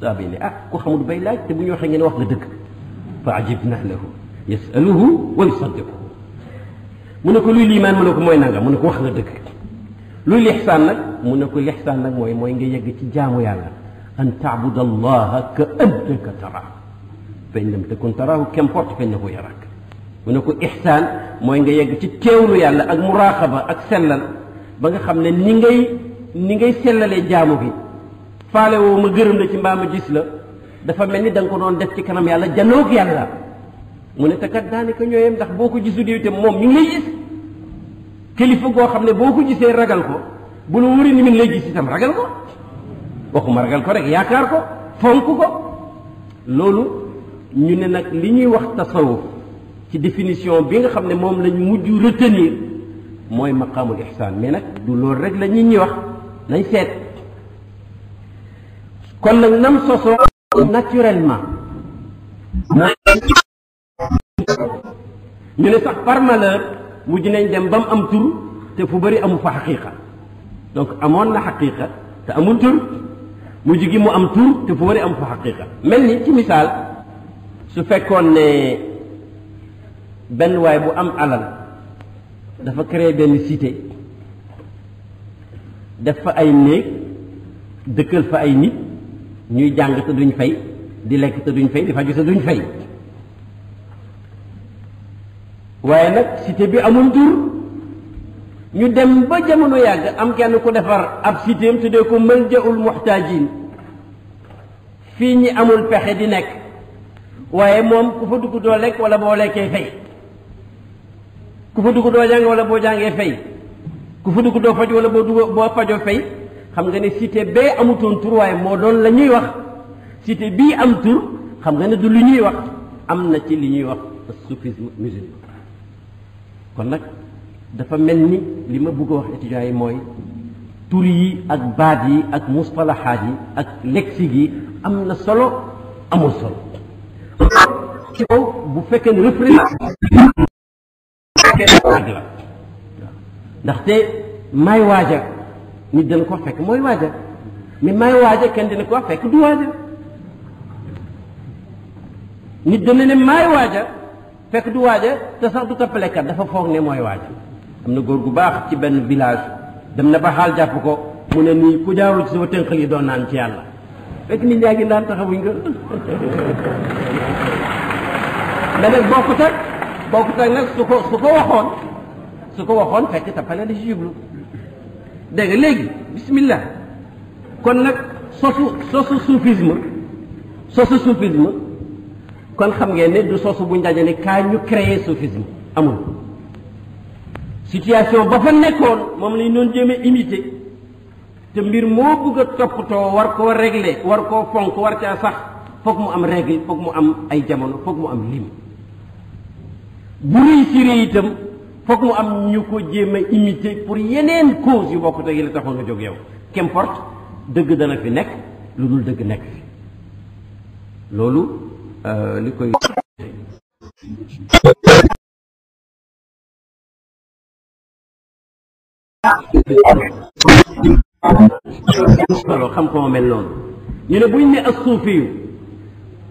saabi ne ah ku xamul bay laaj te bu ñu waxee ngeen wax nga dëgg fa ajibna lahu yasaluhu wa yusaddiquhu mu ne ko luy liimaan mu ne ko mooy nangam mu ne ko wax nga dëgg luy lixsaan nag mu ne ko lixsaan nag mooy mooy nga yegg ci jaamu yàlla an taabuda allaha ka annaka taraahu fa in lam takun taraahu qu'importe fa innahu yaraak mu ne ko ixsaan mooy nga yegg ci teewlu yàlla ak muraaxaba ak sellal ba nga xam ne ni ngay ni ngay sellalee jaamu gi faale woo ma gërëm na ci mbaam ma gis la dafa mel ni da ko doon def ci kanam yàlla janoog yàlla mu ne te kat daanaka ñooyam ndax boo ko gisul yow itam moom mi ngi lay gis kilifa goo xam ne boo ko gisee ragal ko bu la wëri ni mi ngi lay gis itam ragal ko waxuma ragal ko rek yaakaar ko fonk ko loolu ñu ne nag li ñuy wax tasawuf ci définition bi nga xam ne moom lañ mujj retenir mooy maqaamul ihsaan mais nag du loolu rek la nit ñi wax nañ seet kon nag nam sosoo naturellement ñu ne sax par malheur mujj nañ dem ba mu am tur te fu bëri amu fa xaqiqa donc amoon na xaqiqa te amul tur mujj gi mu am tur te fu bëri amu fa xaqiqa mel ni ci misaal su fekkoon ne benn waay bu am alal dafa créé benn cité def fa ay néeg dëkkal fa ay nit ñuy jàng te duñ fay di lekk te duñ fay di faju te duñ fay waaye nag cité bi amul tur ñu dem ba jamono yàgg am kenn ku defar ab citéem tuddee ko maljaul muxtaajin fii ñi amul pexe di nekk waaye moom ku fa dugg doo lekk wala boo lekkee fay ku fa dugg doo jàng wala boo jàngee fay ku fa dugg doo faj wala boo dugg boo fajoo fay xam nga ne cité bee amutoon tur waaye moo doon la ñuy wax cité bii am tur xam nga ne du lu ñuy wax am na ci li ñuy wax soufisme musulman kon nag dafa mel ni li ma bëgg a wax étudiants yi mooy tur yi ak baat yi ak mustalahaat yi ak leksi yi am na solo amul solo ci kaw bu fekkee ne refléter la ndaxte may waaja nit dana ko fekk mooy waaja mais may waaja kenn dina ko fekk du waaja nit dana ne maay waaja fekk du waaja te sax du tappalekat dafa foog ne mooy waaja am na góor gu baax ci benn village dem na ba xaal jàpp ko mu ne nii ku jaarul ci sama tënqal yi doon naan ci yàlla fekk nit ñaa ngi naan taxawuñ nga da nag bokkut ak bokkut ak nag su ko su ko waxoon su ko waxoon fekk tappale da ci jublu dégg léegi bismillah kon nag sosu sosu soufisme sosu soufisme kon xam ngeen ne du sosu bu ndajale kaa ñu créer soufisme amul situation ba fa nekkoon moom lañ doon jéem a imiter te mbir moo bëgg a toppatoo war koo régler war koo fonk war caa sax foog mu am règle foog mu am ay jamono foog mu am lim bu réussir itam foog mu am ñu ko jéem a imité pour yeneen cause yu bokkut ak yi la taxoon nga jóg yow qu'importe dëgg dana fi nekk lu dul dëgg nekk fi loolu euh, li koy xam ko mel noonu ñu ne buñ ne ak suufi yu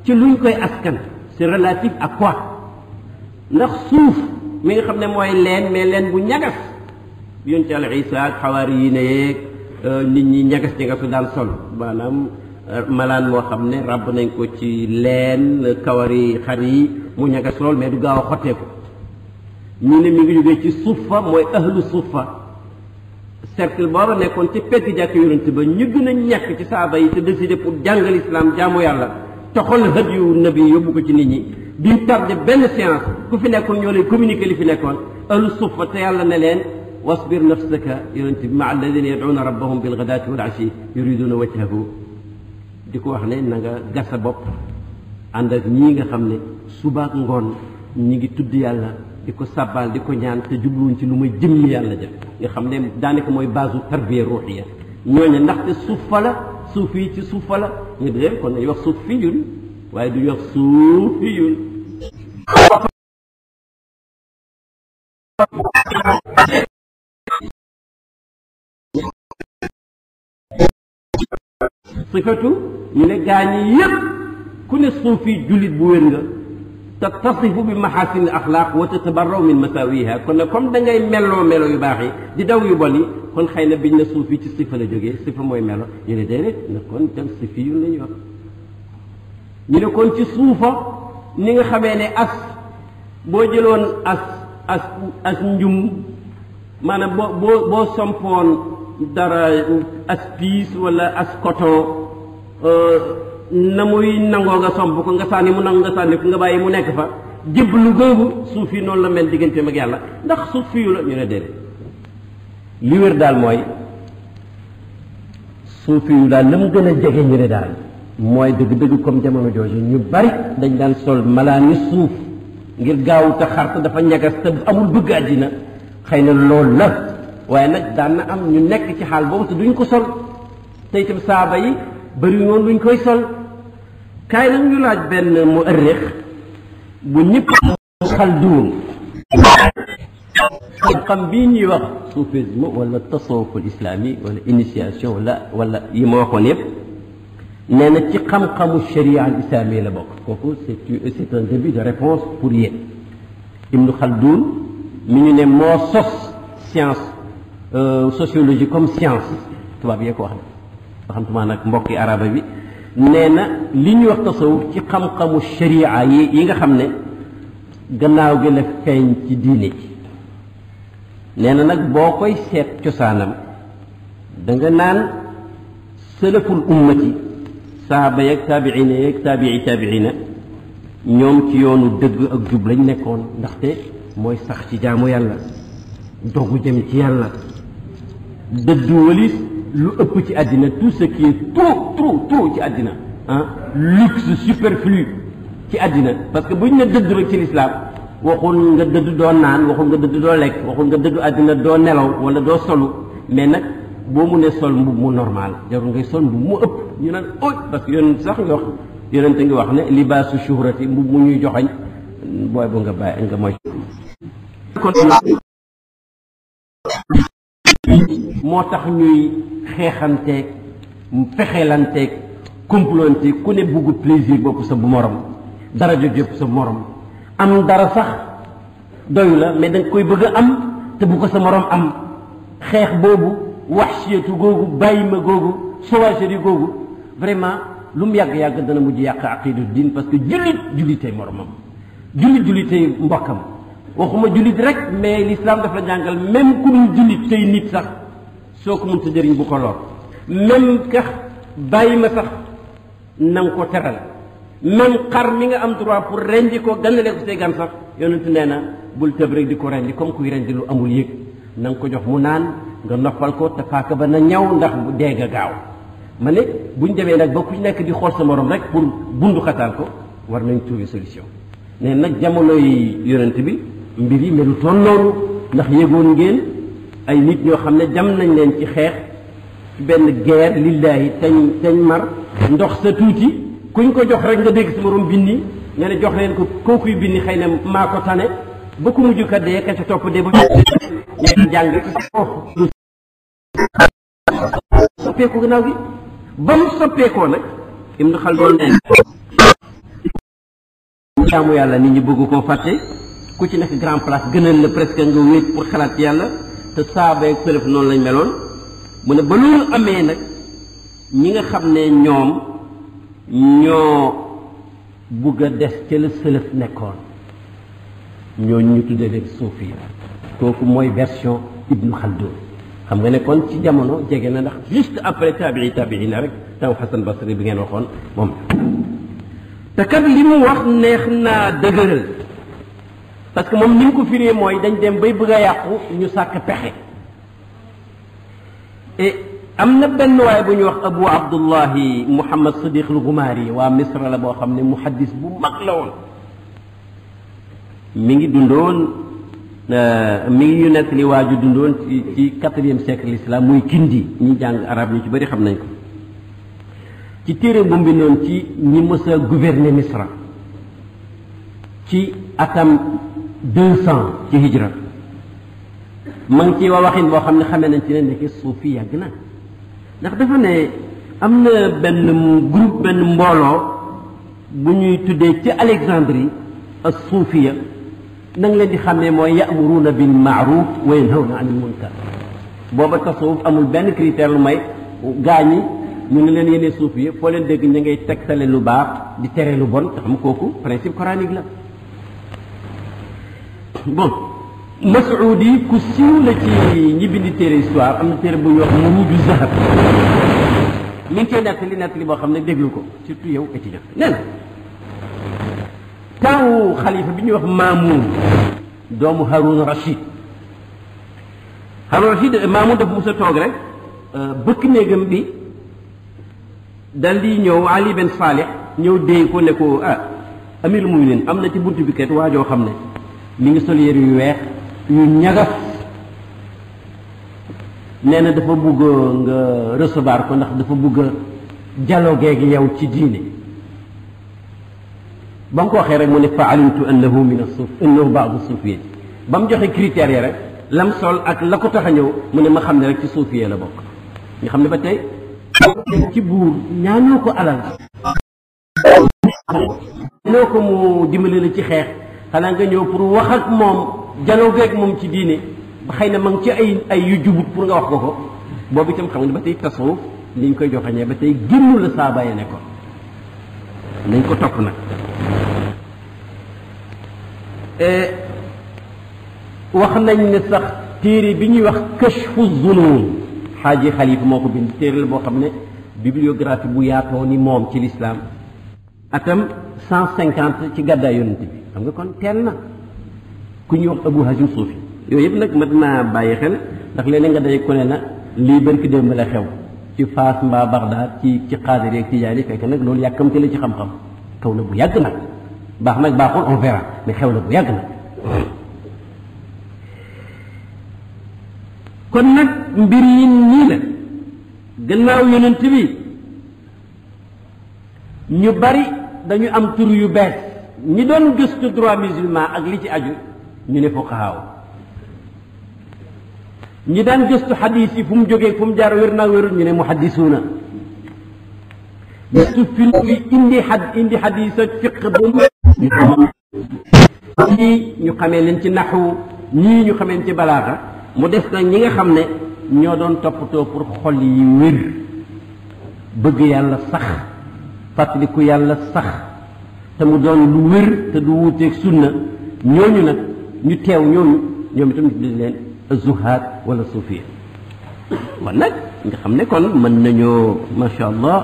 ci luñ koy askan c'est relatif à quoi ndax suuf mi nga xam ne mooy leen mais leen bu ñagas yonent Yàlla Isa ak xawaari yi ne yeeg euh, nit ñi ñagas ñagasu daan sol maanaam euh, malaan moo xam ne ràbb nañ ko ci leen kawari xar yi mu ñagas lool mais du gaaw a xottee ko ñu ne mi ngi jógee ci suffa mooy ahlu suffa cercle booba nekkoon ci pegg jàkk yonent ba ñu gën a ñàkk ci saaba yi te décidé pour jàngal islam jaamu yàlla toxal hët yu nabi yóbbu ko ci nit ñi duñ tardé benn séance ku fi nekkoon ñoo lay communiqué li fi nekkoon ahlu sufa te yàlla ne leen wasbir nafsaka yonent bi maa alladina yaduuna rabbahum bilgadaati wal ashi yuriduna wajhahu di ko wax ne na nga gas sa bopp ànd ak ñii nga xam ne subaak ngoon ñi ngi tudd yàlla di ko sàbbaal di ko ñaan te jubluwuñ ci lu may jëmmi yàlla ja nga xam ne daanaka mooy base tarbiya ruuxiya ñooñu ndaxte suufa la suuf yi ci suufa la ñu dee kon nañu wax suuf fii yun waaye du yox suufiyun sifatu ñu ne gaa ñi yépp ku ne suufi jullit bu wér nga te tasifu bi maxasin axlaaq wa tatabarraw min masawiha kon nag comme da ngay meloo melo yu baax yi di daw yu bon yi kon xëy na biñ na suufi ci sifa la jógee sifa mooy melo ñu ne déedéet na kon tam sifi yu wax ñu ne kon ci suufa ni nga xamee ne as boo jëloon as as as njum maanaam boo boo boo sompoon dara as piis wala as koto euh, na muy nangoo nga somp ko nga sànni mu nangu nga sànni ko nga bàyyi mu nekk fa lu googu suuf yi noonu la mel digganteem ak yàlla ndax suuf fiyu la ñu ne déedéet li wér daal mooy suuf yu daal la mu gën a jege ñu ne daal mooy dëgg-dëgg comme jamono jooju ñu bari dañ daan sol malaan yu suuf ngir gaaw te xart dafa ñagas te amul bëgg àddina xëy na loolu la waaye nag daan na am ñu nekk ci xaal boobu te duñ ko sol te itam saaba yi bëri woon luñ koy sol kaay nag ñu laaj benn mu ëréx bu ñëpp xal duun xam bii ñuy wax soufisme wala tasawuf islami wala initiation wala wala yi ma waxoon yëpp nee na ci xam-xamu sharia al islamiya la bokk kooku c' est c' est un début de réponse pour yéen ibnu xaldun mi ñu ne moo sos science sociologie comme science tubaab yee ko wax na waxamtumaa nag mbokki araba bi nee na li ñuy wax tasawuf ci xam-xamu sharia yi yi nga xam ne gannaaw gi la feeñ ci diine ji nee na nag boo koy seet cosaanam da nga naan sëlëful ummati saaba yeeg taabiina yeeg taabii taabiina ñoom ci yoonu dëgg ak jub lañ nekkoon ndaxte mooy sax ci jaamu yàlla dogu jëm ci yàlla dëddu walis lu ëpp ci àddina tout ce qui est trop trop trop ci àddina ah luxe superflu ci àddina parce que buñ ne dëdd rek ci lislaam waxul nga dëdd doo naan waxul nga dëdd doo lekk waxul nga dëdd àddina doo nelaw wala doo solu mais nag boo mu ne sol mbub mu normal jarul ngay sol mbub mu ëpp ñu naan ooy parce que sax nga wax yonent ngi wax ne libaasu shuhrati mbub mu ñuy joxañ booy bu nga bàyyi nga mooy kon moo tax ñuy xeexanteeg fexeelanteeg complonte ku ne buggu plaisir bopp sa morom dara jot yëpp sa morom am dara sax doyu la mais danga koy bëgg a am te bu ko sa morom am xeex boobu waxsiyatu googu ma googu sauvagerie googu vraiment lu mu yàgg-yàgg dana mujj yàq aqidu diin parce que jullit jullitay moromam jullit jullitay mbokkam waxuma jullit rek mais l'islam dafa jàngal même ku dul jullit tey nit sax soo ko mënta jëriñ bu ko lor même kax bàyyi ma sax na nga ko teral même xar mi nga am droit pour rendi ko gannale ko say gan sax yonent nee na bul tëb rek di ko rendi comme kuy rendi lu amul yëg na nga ko jox mu naan nga noppal ko te paaka ba na ñaw ndax dee nga gaaw ma ne bu ñu demee nag ba ku nekk di xool sa moroom rek pour bundu xataal ko war nañ trouver solution ne nag jamonoy yonent bi mbir yi melu toon noonu ndax yëgoon ngeen ay nit ñoo xam ne jam nañ leen ci xeex ci benn guerre lillaahi teñ teñ mar ndox sa tuuti kuñ ko jox rek nga dégg sa morom bindi nga ne jox leen ko kookuy bindi xëy na maa ko tane ba ku mujj ka dee ka ca topp dee ba ñeen jàng soppeeku ginnaaw gi ba mu soppeekoo nag Ibnu Xaldun nee na jaamu yàlla nit ñi bëgg koo fàtte ku ci nekk grand place gënal la presque nga wéet pour xalaat yàlla te saabee sëlëf noonu lañ meloon mu ne ba loolu amee nag ñi nga xam ne ñoom ñoo bugg a des ca sëlëf nekkoon ñooñu ñu tuddee leen suufi kooku mooy version Ibnu Xaldun xam nga ne kon ci jamono jege na ndax juste après tabi'i tabi'i la rek taw hasan basri bi ngeen waxoon moom te kat li mu wax neex naa dëgëral parce que moom ni ko firé mooy dañ dem bay bëgg a yàqu ñu sàkk pexe et am na benn waay bu ñu wax abu abdullahi muhammad sadiq al gumaari waa misra la boo xam ne muhaddis bu mag la woon mi ngi dundoon Euh, mi ngi ñu nekk li waa ju dundoon ci ci quatrième siècle l'islam muy kindi ñi jàng araab ñu ci bari xam nañ ko ci téere bu mbindoon ci ñi mës a gouverner Misra ci atam deux cent ci hijra ma ci wa waxin boo xam ne xamee nañ ci ne nekk suufi yàgg na ndax dafa ne am na benn groupe benn mbooloo bu ñuy tuddee ci Alexandrie ak suufiya nañ leen di xàmmee mooy ya'muruuna bil ma'ruf wa yanhawna anil munkar booba tasawuf amul benn critère lu may gaañi ñu ne leen yeneen suuf yi foo leen dégg ñu ngay tegtale lu baax di tere lu bon te xam kooku principe la bon Mas'udi ku siiw la ci ñi bindi am na téere bu ñuy wax Muruuju Zahab li nekk li boo xam ne déglu ko surtout yow étudiant nee na taawu xalifa bi ñuy wax Maamun doomu Haroun Rachid Haroun Rachid Maamun dafa mos toog rek euh, bëkk néegam bi dal di ñëw Ali Ben Salih ñëw déy ko ne ko amil ah, amirul muminin am na ci buntu bi kat waajoo xam ne mi ngi sol yére yu weex yu ñagas nee na dafa bugg nga recevoir ko ndax dafa bugg a dialoguer ak yow ci diine ba mu ko waxee rek mu ne fa alimtu annahu min asuf innahu baadu suufiye ba mu joxe critères yi rek lam sol ak la ko tax a ñëw mu ne ma xam ne rek ci suufiye la bokk ñu xam ne ba tey ci buur ñaanoo ko alal ñaanoo ko mu dimbali la ci xeex xanaa nga ñëw pour wax ak moom janoo geeg moom ci diine ba xëy na ma ngi ci ay ay yu jubut pour nga wax ko ko boobu itam xam ne ba tey tasawuf ni ñu koy joxañee ba tey génnu la saaba ya nekkoon nañ ko topp nag e, wax nañ ne sax téere bi ñuy wax kashfu zunuun xaaji xalifa moo ko bind téere la boo xam ne bibliographie bu yaatoo ni moom ci lislaam atam cent cinquante ci gàddaay yonent bi xam nga kon teel na ku ñuy wax abu hajim suufi yooyu yëpp nag mat naa bàyyi xel ndax léeg-léeg nga daje ku ne na lii barki démb la xew ci Faas mbaa Bagdad ci ci xaadir yeeg tijaani fekk nag loolu yàkkamte la ci xam-xam xew na bu yàgg nag baax nag baaxul on verra mais xew na bu yàgg nag kon nag mbir yi nii la gannaaw yonent bi ñu bari dañu am tur yu bees ñi doon gëstu droit musulman ak li ci aju ñu ne fuqahaaw ñi daan gëstu xadis yi fu mu jógee fu mu jaar wér naa wérul ñu ne mu xaddisuuna gëstu film yi indi xad indi xadis ak fiq ba mu ñii ñu xamee leen ci naxu ñii ñu xamee ci balaaxa mu def nag ñi nga xam ne ñoo doon toppatoo pour xol yi wér bëgg yàlla sax fàttaliku yàlla sax te mu doon lu wér te du wuuteeg sunna ñooñu nag ñu teew ñooñu ñoom itam ñu tudd leen zuhaat wala suufiya kon nag nga xam ne kon mën nañoo macha allah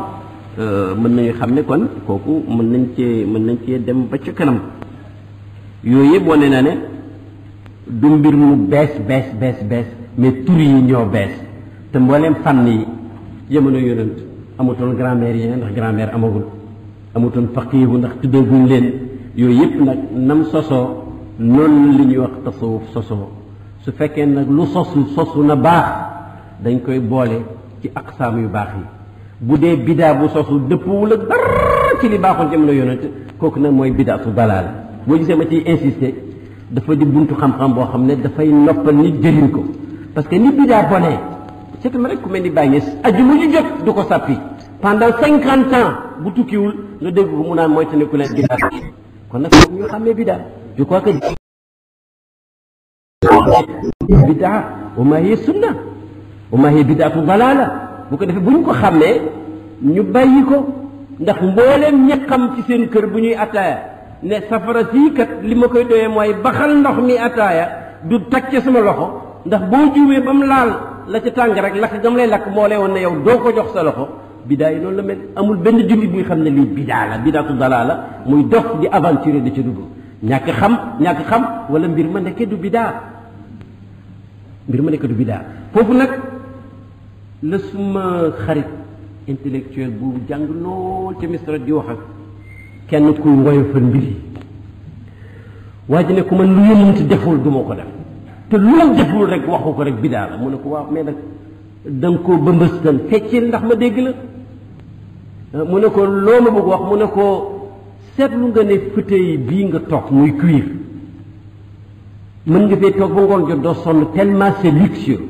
euh, mën nañu xam ne kon kooku mën nañ cee mën nañ cee dem ba ca kanam yooyu yëpp wane na ne du mbir mu bees bees bees bees mais tur yi ñoo bees te mbooleem fànn yi jamono yonent amutoon grammaire yi ndax grammaire amagul amutoon faqiihu ndax tuddaguñ leen yooyu yëpp nag nam sosoo noonu li ñuy wax tasawuf sosoo su fekkee nag lu sosu na baax dañ koy boole ci aqsaam yu baax yi bu dee bu sosu dëppwul ak dara ci li baaxoon yonent kooku nag mooy dalaal boo gisee ma ciy insister dafa di buntu xam-xam boo xam ne dafay noppal nit ko parce que ni bidaa bonee seetama rek ku mel ni mu ñu jot du ko pendant 50 ans bu tukkiwul nga dégg ko mu naan mooy tane ku leen kon ñu je crois que hiya bidaa wa maa hiya sunna wa maa hiya bidaatu dalaala bu ko defee bu ñu ko xàmmee ñu bàyyi ko ndax mbooleem ña xam ci seen kër bu ñuy ataaya ne safara sii kat li ma koy doyee mooy baxal ndox mi ataaya du tàcce sama loxo ndax boo juumee ba mu laal la ca tàng rek lakk gam lay lakk moo lay woon ne yow doo ko jox sa loxo bidaa yi noonu la mel amul benn jullit buy xam ne lii bidaa la bidaatu dalaa la muy dox di aventure di ca dugg ñàkk xam ñàkk xam wala ma nekkee bidaa mbir ma nekkatu biddaa foofu nag la suma xarit intellectuel bu jàng lool ca misra di wax ak kenn kuy woyofal mbir yi waa ji ne ko man lu yonent deful du ma ko def te lu la deful rek waxu ko rek biddaa la mu ne ko waaw mais nag da koo bëmbëstan ndax ma dégg la mu ne ko loo ma bëgg mu ne ko seetlu nga ne fauteuil bii nga toog muy cuir mën nga fee toog ba ngoon jot doo sonn tellement c'est luxueux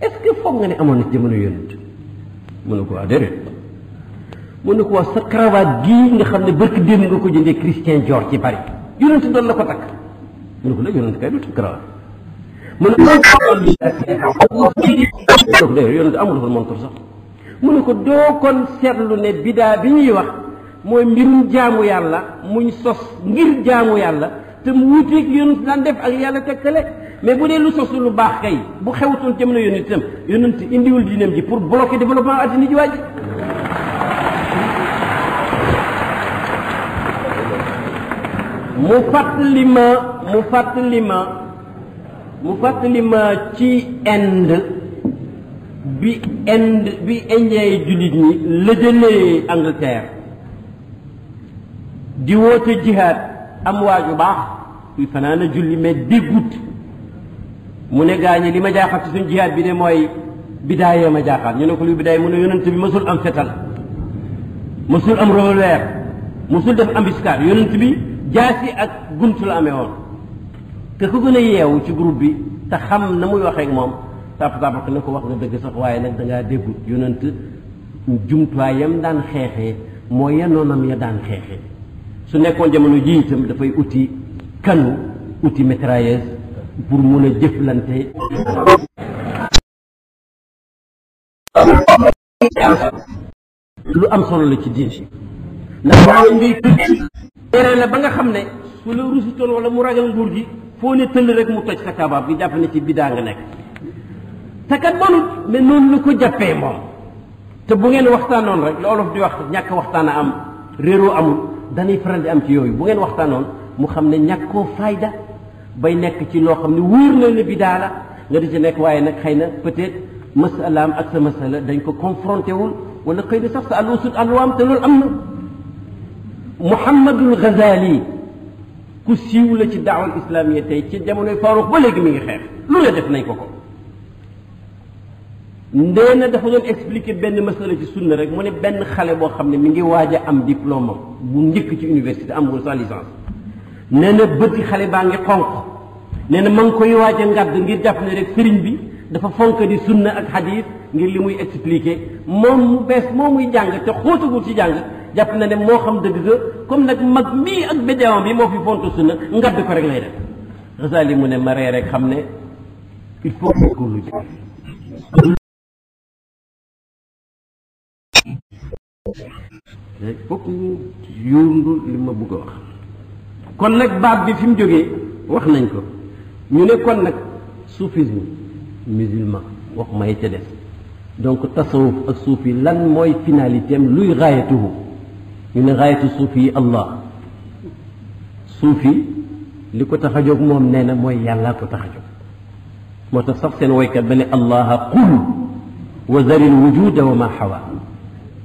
est-ce que foog nga ne amoon na jamono yonent mu ne ko waa déedéet mu ko waa sa cravate gii nga xam ne barki démb nga ko jëndee Christian Dior ci Paris yonent doon la ko takk mu ne ko la yonent kay mu ne ko dé amul woon montor sax mu ne ko doo kon seetlu ne bidaa bi ñuy wax mooy mbirum jaamu yàlla muñ sos ngir jaamu yàlla te mu wuuteeg yonent def ak yàlla tegtale mais bu dee lu le lu baax kay bu xewutoon jamono yonent itam yonent indiwul ji pour bloquer développement de ji waaj mu fàttali ma mu fàttali ci end bi end, bi Indien Angleterre di woote am waaju baax kuy fanaan a julli mais déggut mu ne gaañe li ma jaaxal ci suñ jihaad bi de mooy bidaayee ma jaaxal ñu ne ko luy bidaay mu ne yonent bi mësul am fetal mësul am revolver mësul def embuscade yonent bi jaasi ak gunt la amee woon te ko gën a yeewu ci groupe bi te xam na muy waxeek moom sàpp sàpp ne ko wax nga dëgg sax waaye nag da ngaa déggut yonent jumtuwaayam daan xeexee moo yenoonam ya daan xeexee su nekkoon jamono ji itam dafay uti kanu uti mitrailleuse pour mun a jëflante lu am solo la ci diine ndax waaye ngay tere la ba nga xam ne su la rusutoon wala mu ragal nguur gi foo ne tëll rek mu toj sa kabaab bi jàpp ne ci bidaa nga nekk te kat bonut mais noonu la ko jàppee moom te bu ngeen waxtaanoon rek la olof di wax ñàkk waxtaan a am réeroo amul danay faral di am ci yooyu bu ngeen waxtaanoon mu xam ne ñàkk koo fayda bay nekk ci loo xam ne wóor na ne bidaa la nga di ci nekk waaye nag xëy na peut-être masalaam ak sa masala dañ ko confronté wul wala xëy na sax sa àllu sut àlluwaam te loolu am na Muhammadul Ghazali ku siiw la ci daawal islaamiya tey ci jamonoy Faruq ba léegi mi ngi xeex lu la def nañ ko ko ndee dafa doon expliquer benn masala ci sunna rek mu ne benn xale boo xam ne mi ngi waaj am diplôme bu njëkk ci université amul sa licence nee na bëti xale baa ngi xonk nee na ma ngi koy waaj a ngàdd ngir def ne rek sëriñ bi dafa fonk di sunna ak hadith ngir li muy expliquer moom mu bees moo muy jàng te xóotagul ci jàng jàpp na ne moo xam dëgg ga comme nag mag mii ak bédéwam bi moo fi fonk sunna ngadd ko rek lay def rasali mu ne ma ree rek xam ne il faut góorlu ci te fokk ñu yóndu li ma bëgg a wax kon nag baat bi fi mu jógee wax nañ ko ñu ne kon nag soufisme musulman wax may ca des donc tasawuf ak suufi lan mooy finalité am luy raayatuhu ñu ne raayatu suufi yi allah suufi li ko tax a jóg moom nee na mooy yàllaa ko tax a jóg moo tax sax seen woykat ba ne allaha qul wa zaril wujuda wa ma xawaa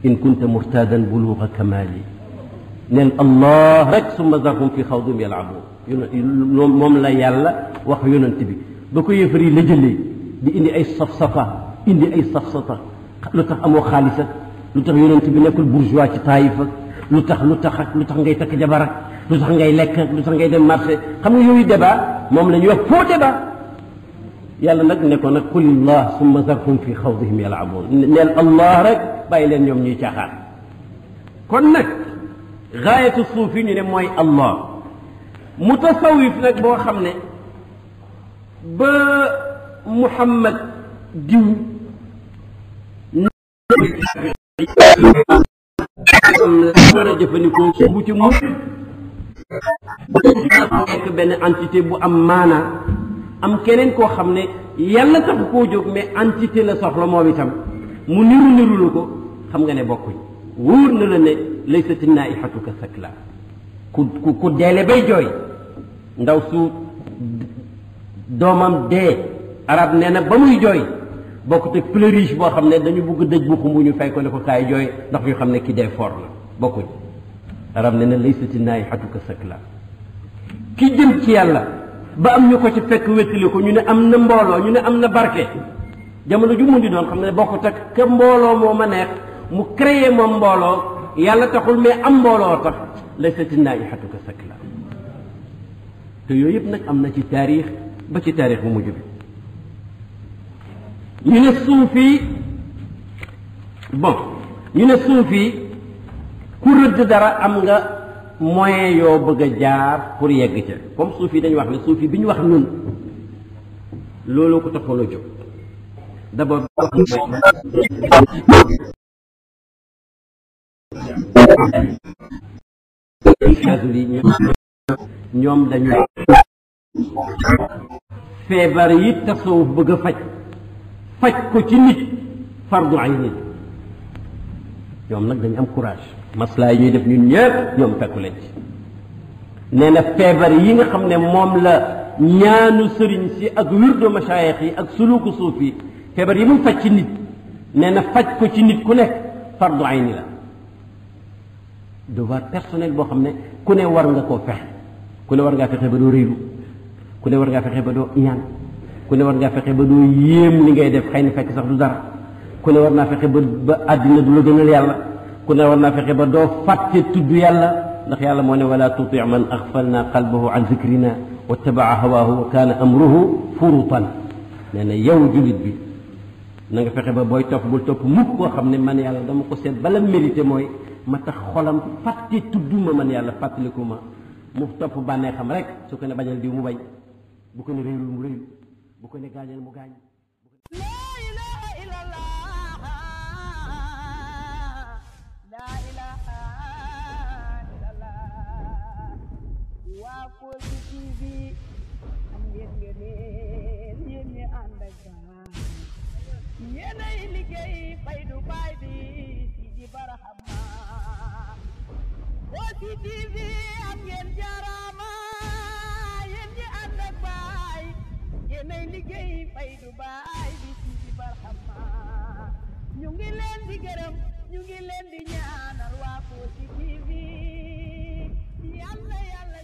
إن كنت مرتادا بلوغ كمالي لأن الله رك ثم ذرهم في خوضهم يلعبون يوم لا يلا وخيون انتبه دوكو يفري لجلي دي اي صفصفة اني اي صفصفة لتخ امو خالصة لتخ يون انتبه ناكل برجوة تايفة لتخ لتخ لتخ نجي تك جبارك لتخ نجي لك لتخ نجي دم مارسي خمو يوي دبا موم لا يوي فو دبا yàlla nag ne ko nag qulillah summa zarhum fi xawdihim yalabuun neel allah rek bàyyi leen ñoom ñuy caaxaan kon nag gaayatu suufi ñu ne mooy allah mutasawif nag boo xam ne ba muhammad diw war a jëfandikoo bu ci mu nekk benn entité bu am maana am keneen koo xam ne yàlla tax koo jóg mais entité la soxla moom itam mu niru niru lu ko xam nga ne bokkuñ wóor na la ne laysati naaihatu ka sakla ku ku ku deele bay jooy ndaw su doomam dee arab nee na ba muy jooy bokkut ak pleurige boo xam ne dañu bugg dëj bu xumbu ñu fay ko ne ko kaay jooy ndax ñu xam ne kii dee foor la bokkuñ arab nee na laysati naaihatu ka sakla ki jëm ci yàlla ba am ñu ko ci fekk wéttali ñu ne am na mbooloo ñu ne am na barke jamono ju mu di doon xam ne bokk ak ke mbooloo moo ma neex mu créé moom mbooloo yàlla taxul mais am mbooloo tax lay sa ti naa ixatuka sakk la te yooyu yëpp nag am na ci taarix ba ci taarix bu mujj bi ñu ne suufi bon ñu ne suufi ku rëdd dara am nga moyen yoo bëgg a jaar pour yegg ca comme suuf dañu wax ne suuf bi ñu wax nun loolu ko taxoon a jóg ñoom dañu feebar yi tasawuf bëgg a faj faj ko ci nit fardu ay nit ñoom nag dañu am courage maslaa yi ñuy def ñun ñëpp ñoom fekku ci nee na feebar yi nga xam ne moom la ñaanu sëriñ si ak wirdu masaayix yi ak suluku suuf yi feebar yi mu faj ci nit nee na faj ko ci nit ku nekk fardu ayni la devoir personnel boo xam ne ku ne war nga koo fexe ku ne war ngaa fexe ba doo réeru ku ne war ngaa fexe ba doo ñaan ku ne war ngaa fexe ba doo yéem li ngay def xëy na fekk sax du dara ku ne war naa fexe ba ba àddina du la gënal yàlla كنا ورنا في خبر دو فات تدو يلا نخ موني ولا تطع من أغفلنا قلبه عن ذكرنا واتبع هواه وكان أمره فرطا لأن يو جلد بي نخ في خبر بوي توف بول توف مكو خم نمان يلا دم قصير بلا مريت موي ما تخلم فات تدو ما من يلا فات لكما مفتوف باني خمرك سكنا بجل ديو مباي بكني ريو مريو بكني غاني المغاني لا إله waa Kossy TV am ngeen ngeen yéen ñi ànd ak gaal yéenay liggéey fay du baay bi Sidi Barhama Kossy TV am ngeen jaaraama yéen ñi ànd ak baay yéenay liggéey fay du baay bi Sidi Barhama ñu ngi leen di gërëm ñu ngi leen di ñaanal waa Kossy TV yàlla yàlla